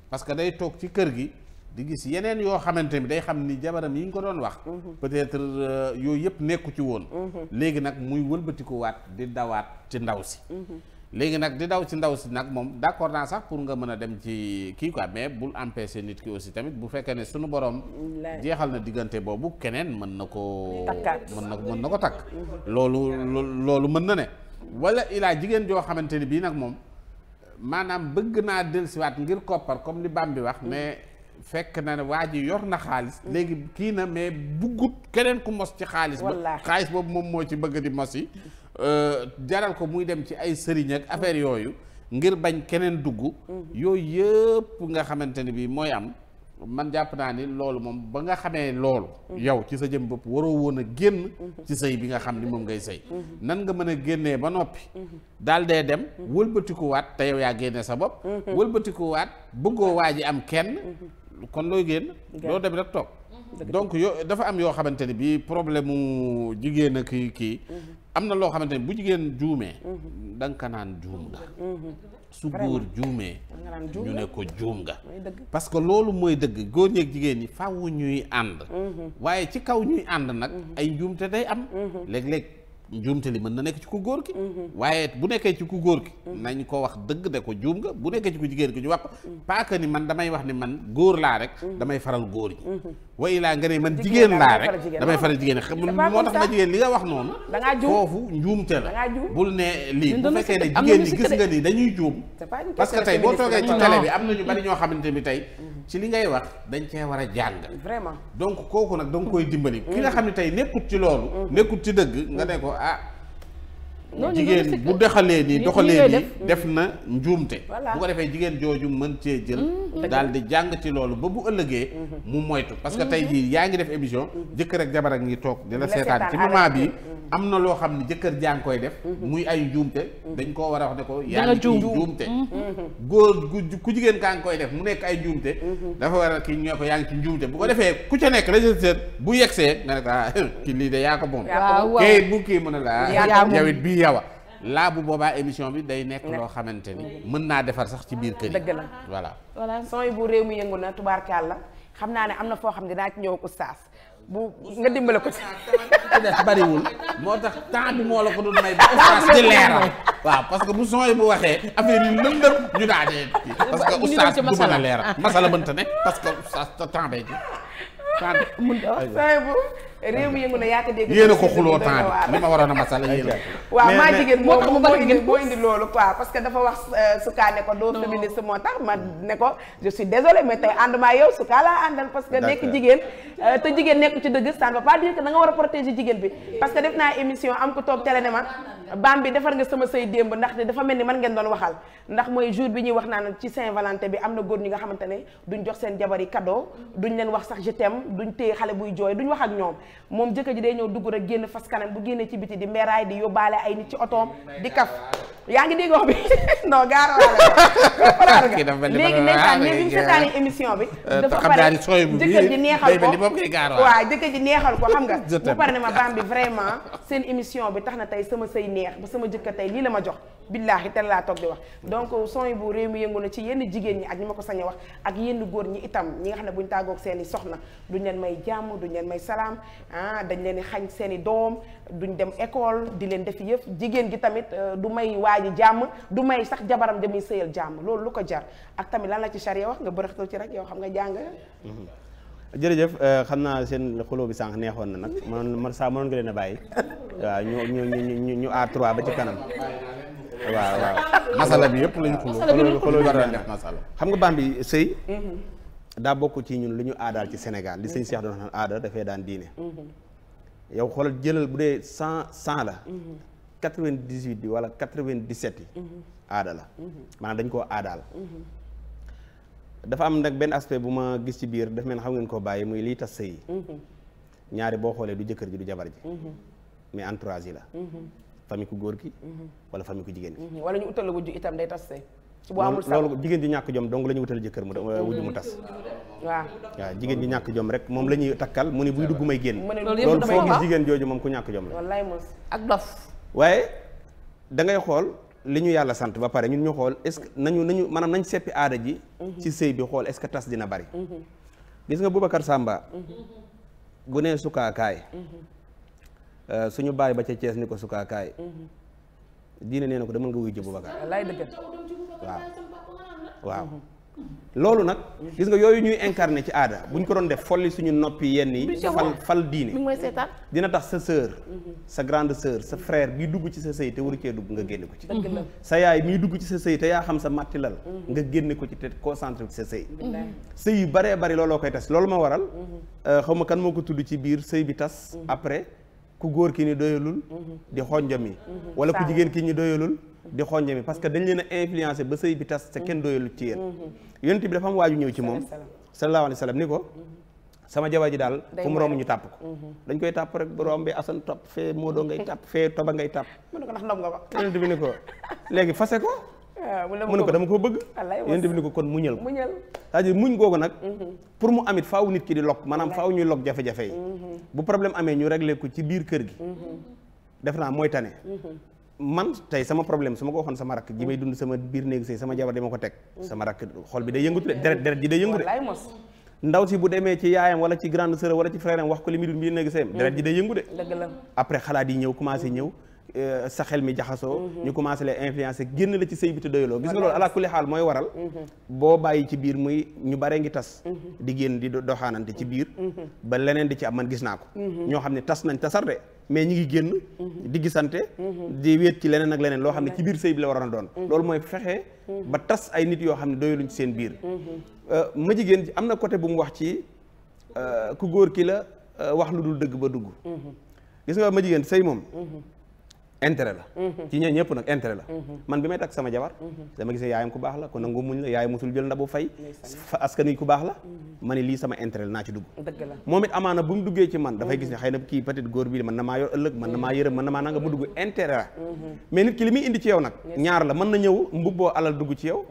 [SPEAKER 7] parce que day toog ci kër gi di gis yeneen yoo xamante ni day xam ni jabaram yi ñu ko doon wax peut-être euh, yooyu yëpp nekku ci woon léegi nag muy wëlbatikuwaat di dawaat ci ndaw si léegi nag di daw ci ndaw si nag moom d'accord naa sax pour nga mën a dem ci kii quoi mais bul empêcher nit ki aussi tamit bu fekkee ne sunu borom jeexal na diggante boobu keneen mën na ko mën na mën na ko takk mhm. loolu loolu mën na ne wala ilaa jigéen joo xamante ni bii nag moom maanaam bëgg naa dellusiwaat ngir koppar comme li bi wax mais fekk na ne waa ji yor na xaalis mhm. léegi kii na mais buggut keneen ku mos ci xaalis ba xaalis boobu moom moo ci bëgg di mos Euh, jaral ko muy dem ci ay sëriñ ak affaire yooyu ngir bañ keneen dugg yooyu yëpp nga xamante ni bi mooy am man jàpp naa ni loolu moom ba nga xamee loolu yow ci sa jëm bopp waroo woon a génn ci sëy bi nga xam ni moom ngay sëy nan nga mën a génnee ba noppi daal dee dem wëlbatikuwaat te yow yaa génne sa bopp wëlbatikuwaat bëggoo waa ji am kenn kon looy génn loo dem rek toog donc yo dafa am yoo xamante ni bi problème mu jigéen a kii kii am na loo xamante ne bu jigéen juumee mhm. da nga naan juum nga mhm. su góor juumee ñu ne ko juum nga parce que loolu mooy dëgg góor ñeek jigéen ñi fawu ñuy ànd mhm. waaye ci kaw ñuy ànd nag ay njuumte day am léeg-léeg njuumte li mën na nekk ci ku góor ki mhm. waaye bu nekkee ci ku góor ki nañ ko wax dëgg ne ko juum nga bu nekkee ci ku jigéen ki ñu wax mhm. pas ni man damay wax ni man góor laa rek mhm. damay faral góor yi wa ilaa nga ne man jigéen laa rek damay faral jigéen moo tax ma jigéen li nga wax noonu foofu njuumte la bul ne lii bu fekkee ne jigéen ñi gis nga nii dañuy juum
[SPEAKER 3] parce que tey boo toogee ci télé bi am na ñu bari
[SPEAKER 7] ñoo xamante ni tey ci li ngay wax dañ cee war a jàng vraiment donc kooku nag danga koy dimbali ki nga xam ne tey nekkut ci loolu nekkut ci dëgg nga ne ko ah
[SPEAKER 1] jigéen bu doxalee nii doxalee nii def
[SPEAKER 7] na njuumte bu ko defee jigéen jooju mën cee jël mm, daal di jàng ci loolu ba bu ëllëgee mm-hmm. mu moytu parce que mm-hmm. tey jii yaa ngi def émission mm-hmm. jëkkër ak jabar ak ngi toog di la seetaan ci moment bi am na loo xam ne jëkkër jaa ngi koy def muy ay njuumte dañ koo war a wax ne ko yaa ngi ciy njuumte góor ku jigéen kaa ngi koy def mu nekk ay njuumte dafa war a kii ñoo ci njuumte bu ko defee ku ca nekk registre bu yegsee nga ne ko ah, ki lii de yaa ko moom kayit bu kii mën a la jawit bii yawa laa bu boobaa émission bi day nekk loo xamante ni mën naa defar sax ci biir kër yi dëgg la voilà
[SPEAKER 3] voilà sooy bu réew mi yëngu na tubaarkàlla xam naa ne am na foo xam ne dinaa ci ñëw ak oustaz bu nga dimbale ko ci
[SPEAKER 7] des bariwul moo
[SPEAKER 3] tax temps bi moo la ko doon
[SPEAKER 7] waaw parce que bu sooy bu waxee affaire yi lëndëm ñu daa dee parce que oustaz du mën a leeral masala mënta parce que oustaz temps bay ji
[SPEAKER 3] bu réew mi yëngu na yaa ko dégg. yéen a ko xuloo temps
[SPEAKER 7] li waaw maa jigéen moo
[SPEAKER 3] moo indi moo indi loolu parce que dafa wax euh, sukaa ko doo féministe moo tax ma ne ko je désolé mais tey ànd maa yow sukaa laa àndal parce que nekk jigéen euh, te jigéen nekk ci dëgg ça pas dire que da war a protéger jigéen bi parce que def naa émission am ko toog télé ne ma baam bi defar nga sama sëy démb ndax ndaxte dafa mel ni man ngeen doon waxal ndax mooy jour bi ñuy wax naan ci Saint-Valentin bi am na góor ñi nga xamante ne duñ jox seen jabar yi cadeau duñ leen wax sax je duñ téye xale buy jooy duñ wax ak ñoom moom jëkkër ji day ñëw dugg a génn fas kanam bu génnee ci biti di mbeeraay di yóbbaale ay nit ci otoom di kaf yaa ngi dégg wax bi non gaara
[SPEAKER 4] la léegi ndeysaan ne bi mu seetaanee ah.
[SPEAKER 3] émission bi euh, dafa pare jëkkër ji neexal ko waaw jëkkër ji neexal xam nga bu pare ne ma baam bi vraiment seen émission bi tax na tey sama sëy neex ba sama jëkkër tey lii la ma jox billaahi tel laa toog di wax donc son yi bu réew mi yëngu na ci yenn jigéen ñi ak ñi ma ko sañ a wax ak yenn góor ñi itam ñi nga xam ne buñ tàggoog seen i soxna duñ leen may jàmm duñ leen may salaam ah dañ leen di xañ seen i doom duñ dem école di leen def yëpp jigéen gi tamit euh, du may waaji jàmm du may sax jabaram damuy sëyal jàmm loolu lu ko jar ak tamit lan la ci charia wax nga bërëxtoo ci rek yow xam nga jàng
[SPEAKER 4] mm-hmm.
[SPEAKER 2] jërëjëf euh, xam naa seen xuloo bi sànq neexoon na nag man man ma mënoon nga leen a bàyyi waaw ñu ñu ñu ñu trois ba ci kanam waa waaw masala bi yëpp lañu xuloo xuloo bi def masala xam nga baam bi sëy mm-hmm. daa bokk ci ñun lu ñu aadaal ci Sénégal li sëñ Cheikh doon naan aada dafay daan diine mm-hmm. yow xoolal jëlal bu dee cent cent la. quatre vingt dix huit bi wala quatre vingt dix sept yi. aada la. maanaam dañ koo aadaal. dafa am nag benn aspect bu ma gis ci biir daf mel xam ngeen koo bàyyi muy lii tas sëy yi. ñaari boo xoolee du jëkkër ji du jabar ji. mais entourage yi la. Mm-hmm. famille ku góor ki. Mm-hmm. wala famille ku jigéen ki.
[SPEAKER 3] Mm-hmm. wala ñu utal la wujj itam day tas sëy ci bu amul sax loolu
[SPEAKER 2] jigéen ji ñàkk jom dong la ñu wutal jëkkër mu mm-hmm. euh, wujj mu tas
[SPEAKER 3] mm-hmm. waa
[SPEAKER 2] jigéen ji ñàkk jom rek moom la ñuy takkal mu ne buy dugg may génn loolu foo gis jigéen jooju moom ku ñàkk jom la
[SPEAKER 3] wallaay mos
[SPEAKER 6] ak
[SPEAKER 2] waaye da ngay xool li ñu yàlla sant ba pare ñun ñu xool est-ce que nañu nañu maanaam nañ seppi aada ji mm-hmm. ci sëy bi xool est que tas dina bari gis nga Boubacar Samba bu nee sukaakaay euh, suñu bàyyi ba ca Cees ni ko sukaakaay diine nee na ko demal nga wuy ji
[SPEAKER 5] waaw
[SPEAKER 2] waaw loolu nag gis nga yooyu ñuy incarné ci aada buñ ko doon def folli suñu noppi yenn yi fal fal diine dina tax sa sœur mhm. sa grande sœur sa frère bi dugg ci sa sëy te waru dugg nga génne ko ci sa yaay mii dugg ci sa sëy te yaa xam sa màtti lal mhm. nga génne ko ci te concentré ci sa sëy mhm. sëy yu baree bari looloo koy tas loolu ma waral euh, xaw ma kan moo ko tudd ci biir sëy bi tas après ku góor ki ni doyalul di xonjam yi wala ku jigéen ki ñu doyalul di xonje mi parce que dañ leen a influencé ba sëy bi tas te kenn doyalu ci yéen mm-hmm. yonent bi dafa am waaju ñëw ci moom sallallahu alayhi wa sallam ni ko mm-hmm. sama jabar ji daal fu mu ñu tàpp ko mm-hmm. dañ koy tàpp rek bu rombee asan topp fee Modou ngay tàpp fee Toba ngay tàpp
[SPEAKER 3] mu ne ko ndax ndam
[SPEAKER 2] nga bi ni ko léegi fase ko
[SPEAKER 3] ah, mu ne ko dama koo
[SPEAKER 2] bëgg yonent bi ni ko kon muñal ko c'est-à-dire muñ googu nag pour mu amit faaw nit ki di lok maanaam faaw ñuy lok jafe-jafe yi bu problème amee ñu réglé ko ci biir kër gi def naa mooy tane man tey sama problème su ma ko waxoon sama rakk ji may dund sama biir néeg sëy sama jabar di ma ko teg sama rakk xol bi day yëngu de deret deret ji day yëngu de ndaw si bu demee ci yaayam wala ci grande sœur wala ci frère am wax ko li muy dund biir néeg sëyam mm. deret ji day yëngu de après xalaat yi ñëw commencé ñëw Euh, sa xel mi jaxasoo mm-hmm. ñu commencé la influencé génn la ci sëy bi te doyuloo gis nga loolu ala kulli xaal mooy waral mm-hmm. boo bàyyi ci biir muy ñu baree ngi tas mm-hmm. di génn di doxaanante ci biir ba leneen di ci am man gis naa ko ñoo xam ne tas nañ tasar de mais ñi ngi génn di gisante di wéet ci leneen ak leneen loo xam ne ci biir sëy bi la waroon a doon loolu mooy fexe ba tas ay nit yoo xam ne doyuluñ ci seen biir euh, ma jigéen am na côté bu mu wax ci euh, ku góor ki la wax lu dul dëgg ba dugg ma jigéen sëy moom intérêt la mhm. ci ñooñu ñëpp nag intérêt la mhm. man bi may takk sama jabar mhm. dama gisee yaayam ku baax la ko nangu muñ la yaay musul jël bu fay askan wi ku baax la ma ne lii sama intérêt la naa ci dugg moom it amaana bu mu duggee ci man dafay gis ne xëy na kii peut être góor mën na maa yor ëllëg mën na maa yërëm mën na maa nanga mu dugg intérêt la mais nit ki li muy indi ci yow nag ñaar la mën na ñëw mbubboo alal dugg ci yow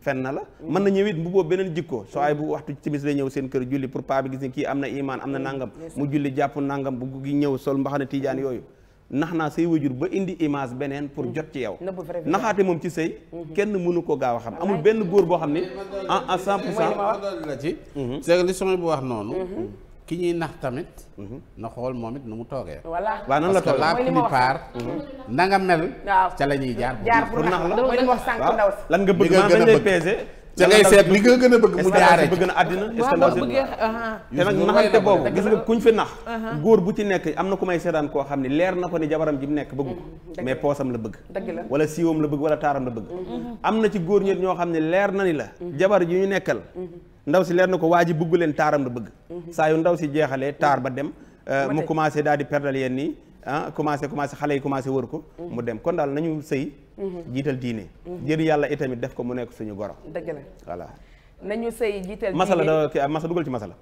[SPEAKER 2] fen na la mën na ñëw it mbubboo beneen jikko soo ay bu waxtu timis lay ñëw seen kër julli pour pa gis ne kii am na imaan am na nangam mu julli jàpp nangam bu gi ñëw sol mbaxana tiijaan yooyu nax naa say wajur ba indi image beneen pour jot ci yow
[SPEAKER 5] mmh. naxaate moom ci sëy mmh.
[SPEAKER 2] kenn mënu ko gaaw a xam amul benn góor boo xam ne en en cent pour cent la ci mmh. c'est que bu wax noonu
[SPEAKER 7] ki ñuy nax tamit na xool moom it nu mu toogee waaw nan la toogee la plupart na nga mel ca la ñuy jaar pour nax la lan nga bëgg
[SPEAKER 5] maa dañ
[SPEAKER 2] lay da ngay seet li nga gën a bëgg mu jaaree bëgg na àddina
[SPEAKER 7] est-ce que
[SPEAKER 4] te nag naxante
[SPEAKER 2] góor bu ci nekk am na ku may seetaan koo xam ne leer na ko ni jabaram ji nekk bëgg ko mm-hmm. mais la bëgg wala siiwam la bëgg wala taaram la bëgg mm-hmm. am na ci góor ñet ñoo xam ne leer na ni la mm-hmm. jabar ji ñu nekkal ndaw si leer na ko waa ji bëgg leen taaram la bëgg saa yu ndaw si jeexalee taar ba dem euh, mu commencé daal di perdal yéen nii ah commencé commencé xale yi commencé war ko mu dem kon daal nañu sëy Mm-hmm. jiital diine. jëri mm-hmm. yàlla itamit def ko mu nekk suñu goro. dëgg la voilà.
[SPEAKER 3] nañu sëy jiital diine masala da
[SPEAKER 2] kii masa dugal ci masala.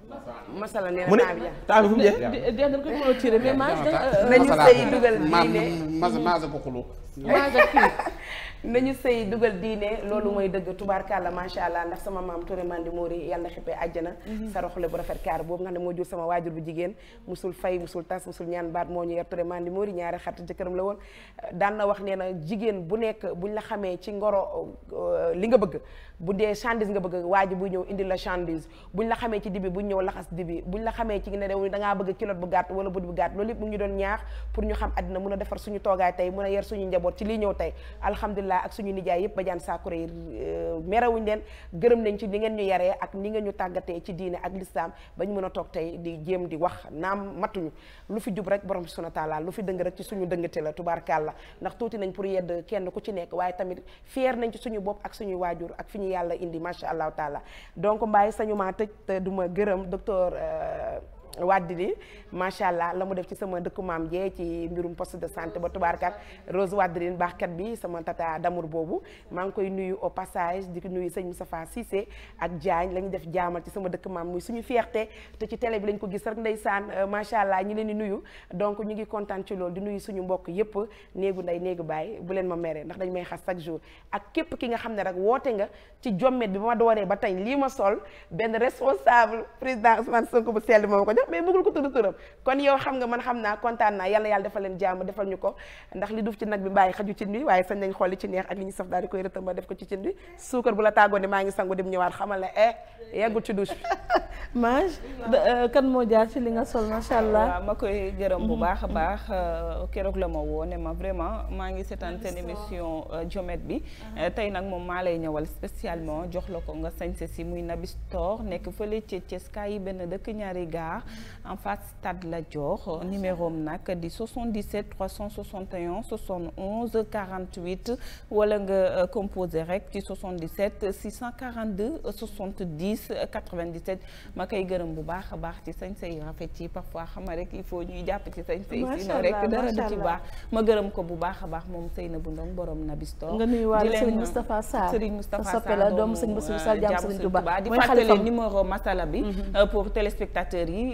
[SPEAKER 3] masala nee na
[SPEAKER 2] taabi ja mu ne taabi
[SPEAKER 3] jeex. a tiré mais euh, nañu sëy dugal diine maasa ko xulu. nañu sëy dugal diine loolu mooy dëgg tubaarkàlla macha allah ndax sama maam Touré Mandi Mori yàlla xippee àjjana mhm. sa roxule bu rafet kaar boobu nga xam ne moo jur sama waajur bu jigéen musul fay musul tas musul ñaan baat moo ñu yar Touré Mandi Mori ñaari xarit jëkkëram la woon daal na wax nee na jigéen bu nekk buñ la xamee ci ngoro euh, li nga bëgg bu dee chandise nga bëgg waa ji ñëw indi la chandise buñ la xamee ci dibi buñ ñëw laxas dibi buñ la xamee ci ne dew da ngaa bëgg kilot bu gàtt wala budi bu gàtt loolu yëpp mu ngi doon ñaax pour ñu xam àddina mun a defar suñu toogaay tey mun a yar suñu njaboot ci lii ñëw tey alhamdulilah ak suñu nijaay yëpp ba jaan saakure euh, yi merewuñ leen gërëm nañ ci ni ngeen ñu yaree ak ni ngeen ñu tàggatee ci diine ak lislaam ba ñu mën a tey di jéem di wax naam matuñu lu fi jub rek borom subhanahu wa lu fi dëng rek ci suñu dëngate la tubaarkàlla ndax tuuti nañ pour yedd kenn ku ci nekk waaye tamit fier nañ suñu bopp ak suñu waajur ak fi yàlla indi macha allah taala donc mbaay sañu maa tëj te duma gërëm docteur euh, wàddi li macha allah la mu def ci sama dëkk maam jee ci mbirum poste de santé ba tubaarkat Rose Wàddilin baaxkat bi sama tata d'amour boobu maa ngi koy nuyu au passage di nuyu sëñ Moustapha Cissé ak Diagne la ñu def jaamal ci sama dëkk maam muy suñu fierté te ci télé bi lañ ko gis rek ndeysaan euh, macha allah ñi leen di nuyu donc ñu ngi kontaan loolu di nuyu suñu mbokk yépp néegu nday néegu bàyyi bu leen ma mere ndax dañ may xas chaque jour ak képp ki nga xam ne rek woote nga ci jommet bi ba ma dooree ba tey lii ma sol benn responsable président Ousmane Sonko bu sell moom ko mais bëggul ko tudd turam kon yow xam nga man xam naa kontaan naa yàlla yàlla defal jàmm defal ñu ko ndax li duuf ci nag bi mbaay xaju cin bi waaye sañ nañ xool li ci neex ak li ñu saf daal di koy rëtëm ba def ko ci cin bi suukar bu la tàggoo ne maa ngi sangu dem ñëwaat xamal la eh yeggul ci douche bi euh, kan moo jaar ci li nga sol macha allah
[SPEAKER 6] ma koy gërëm bu baax a baax euh, keroog la ma woo ne ma vraiment maa ngi seetaan seen émission jomet euh, bi tey nag moom maa lay ñëwal spécialement jox la ko nga sañ sañse si muy Nabi Store nekk fële ci yi benn dëkk ñaari gaar en face stade Lat Dior euh, numéro am nag di 77 361 71 48 wala nga euh, composé rek ci 77 642 70 97 ma koy gërëm bu baax a baax ci sañse yi rafet yi parfois xam rek il faut ñuy jàpp ci sañse yi sinon rek dara du ci baax ma gërëm ko bu baax a baax moom Seynabou Ndong borom Nabi Store nga nuyu waale Serigne Moustapha Sarr euh, Serigne Moustapha Sarr soppe la doomu Serigne Moustapha Sarr jàmm Serigne Touba masala bi mhm. pour téléspectateurs yi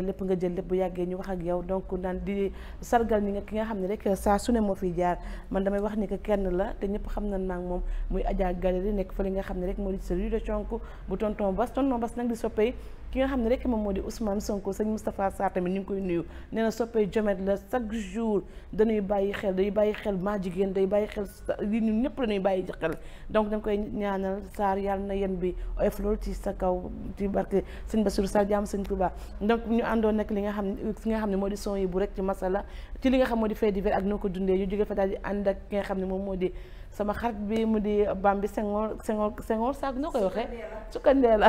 [SPEAKER 3] bari lépp nga jël lépp bu yàggee ñu wax ak yow donc naan di sargal ñi nga ki xam ne rek saa su ne moo fiy jaar man damay wax ni kenn la te ñëpp xam nañ naa moom muy Adja Galeri nekk fa nga xam ne rek moo di sa rue de Conk bu tonton Bas xam ne moom moo di Ousmane Sonko sëñ Moustapha Sarr tamit ñu ngi koy nuyu nee na soppee jomet la chaque jour dañuy bàyyi xel day bàyyi xel maa jigéen day bàyyi xel li ñun ñëpp dañuy bàyyi xel donc dañ koy ñaanal Sarr yàlla na yen bi oyof loolu sa kaw ci barke sëñ Bassirou Sarr jaam sëñ Touba donc ñu àndoon nag li nga xam fi nga xam ne moo di son yi bu rek ci masala ci li nga xam moo di fait divers ak noo ko dundee ñu jóge fa daal di ànd ak ki nga xam ne moom moo di sama xarit bi mu di Bambi Senghor Senghor Senghor saak noo koy waxee sukkandee la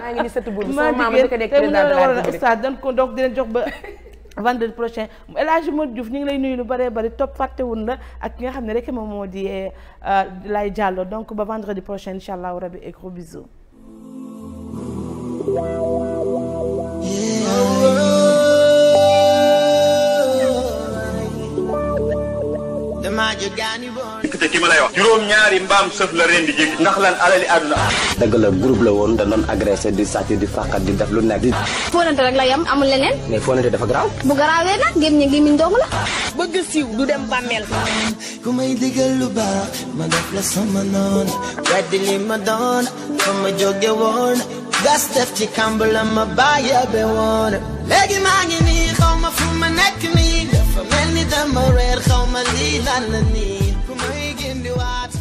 [SPEAKER 3] maa ngi ni sëtu buur bi sama maam ko nekk président de la République ustaas dañ ko donc dinañ jox ba vendredi prochain El Hadj Modou Diouf ñu ngi lay nuyu lu bëree bëri topp fàttewun la ak ki nga xam ne rek moom moo di euh, lay jàllo donc ba vendredi prochain incha allahu rabi et gros bisous
[SPEAKER 2] te ki ma lay wax juróom ñaari mbaam sëf la ren di ndax lan
[SPEAKER 5] alali àdduna dëgg la groupe la woon da doon agressé di sàcc di fàqat di def lu nekk di fóonante
[SPEAKER 3] rek la yam amul leneen
[SPEAKER 5] mais fóonante dafa garaaw
[SPEAKER 3] bu garaawee nag ngém ñi miñ dong la bëgg siiw du dem bàmmeel ku may digal lu baax
[SPEAKER 6] ma def la sama noon weddi li
[SPEAKER 5] ma doon fa ma jóge woon gas def ci kàmb la ma bàyyi be woon léegi maa ngi nii ma fu ma nekk nii dafa mel ni dama reer xaw ma lii nii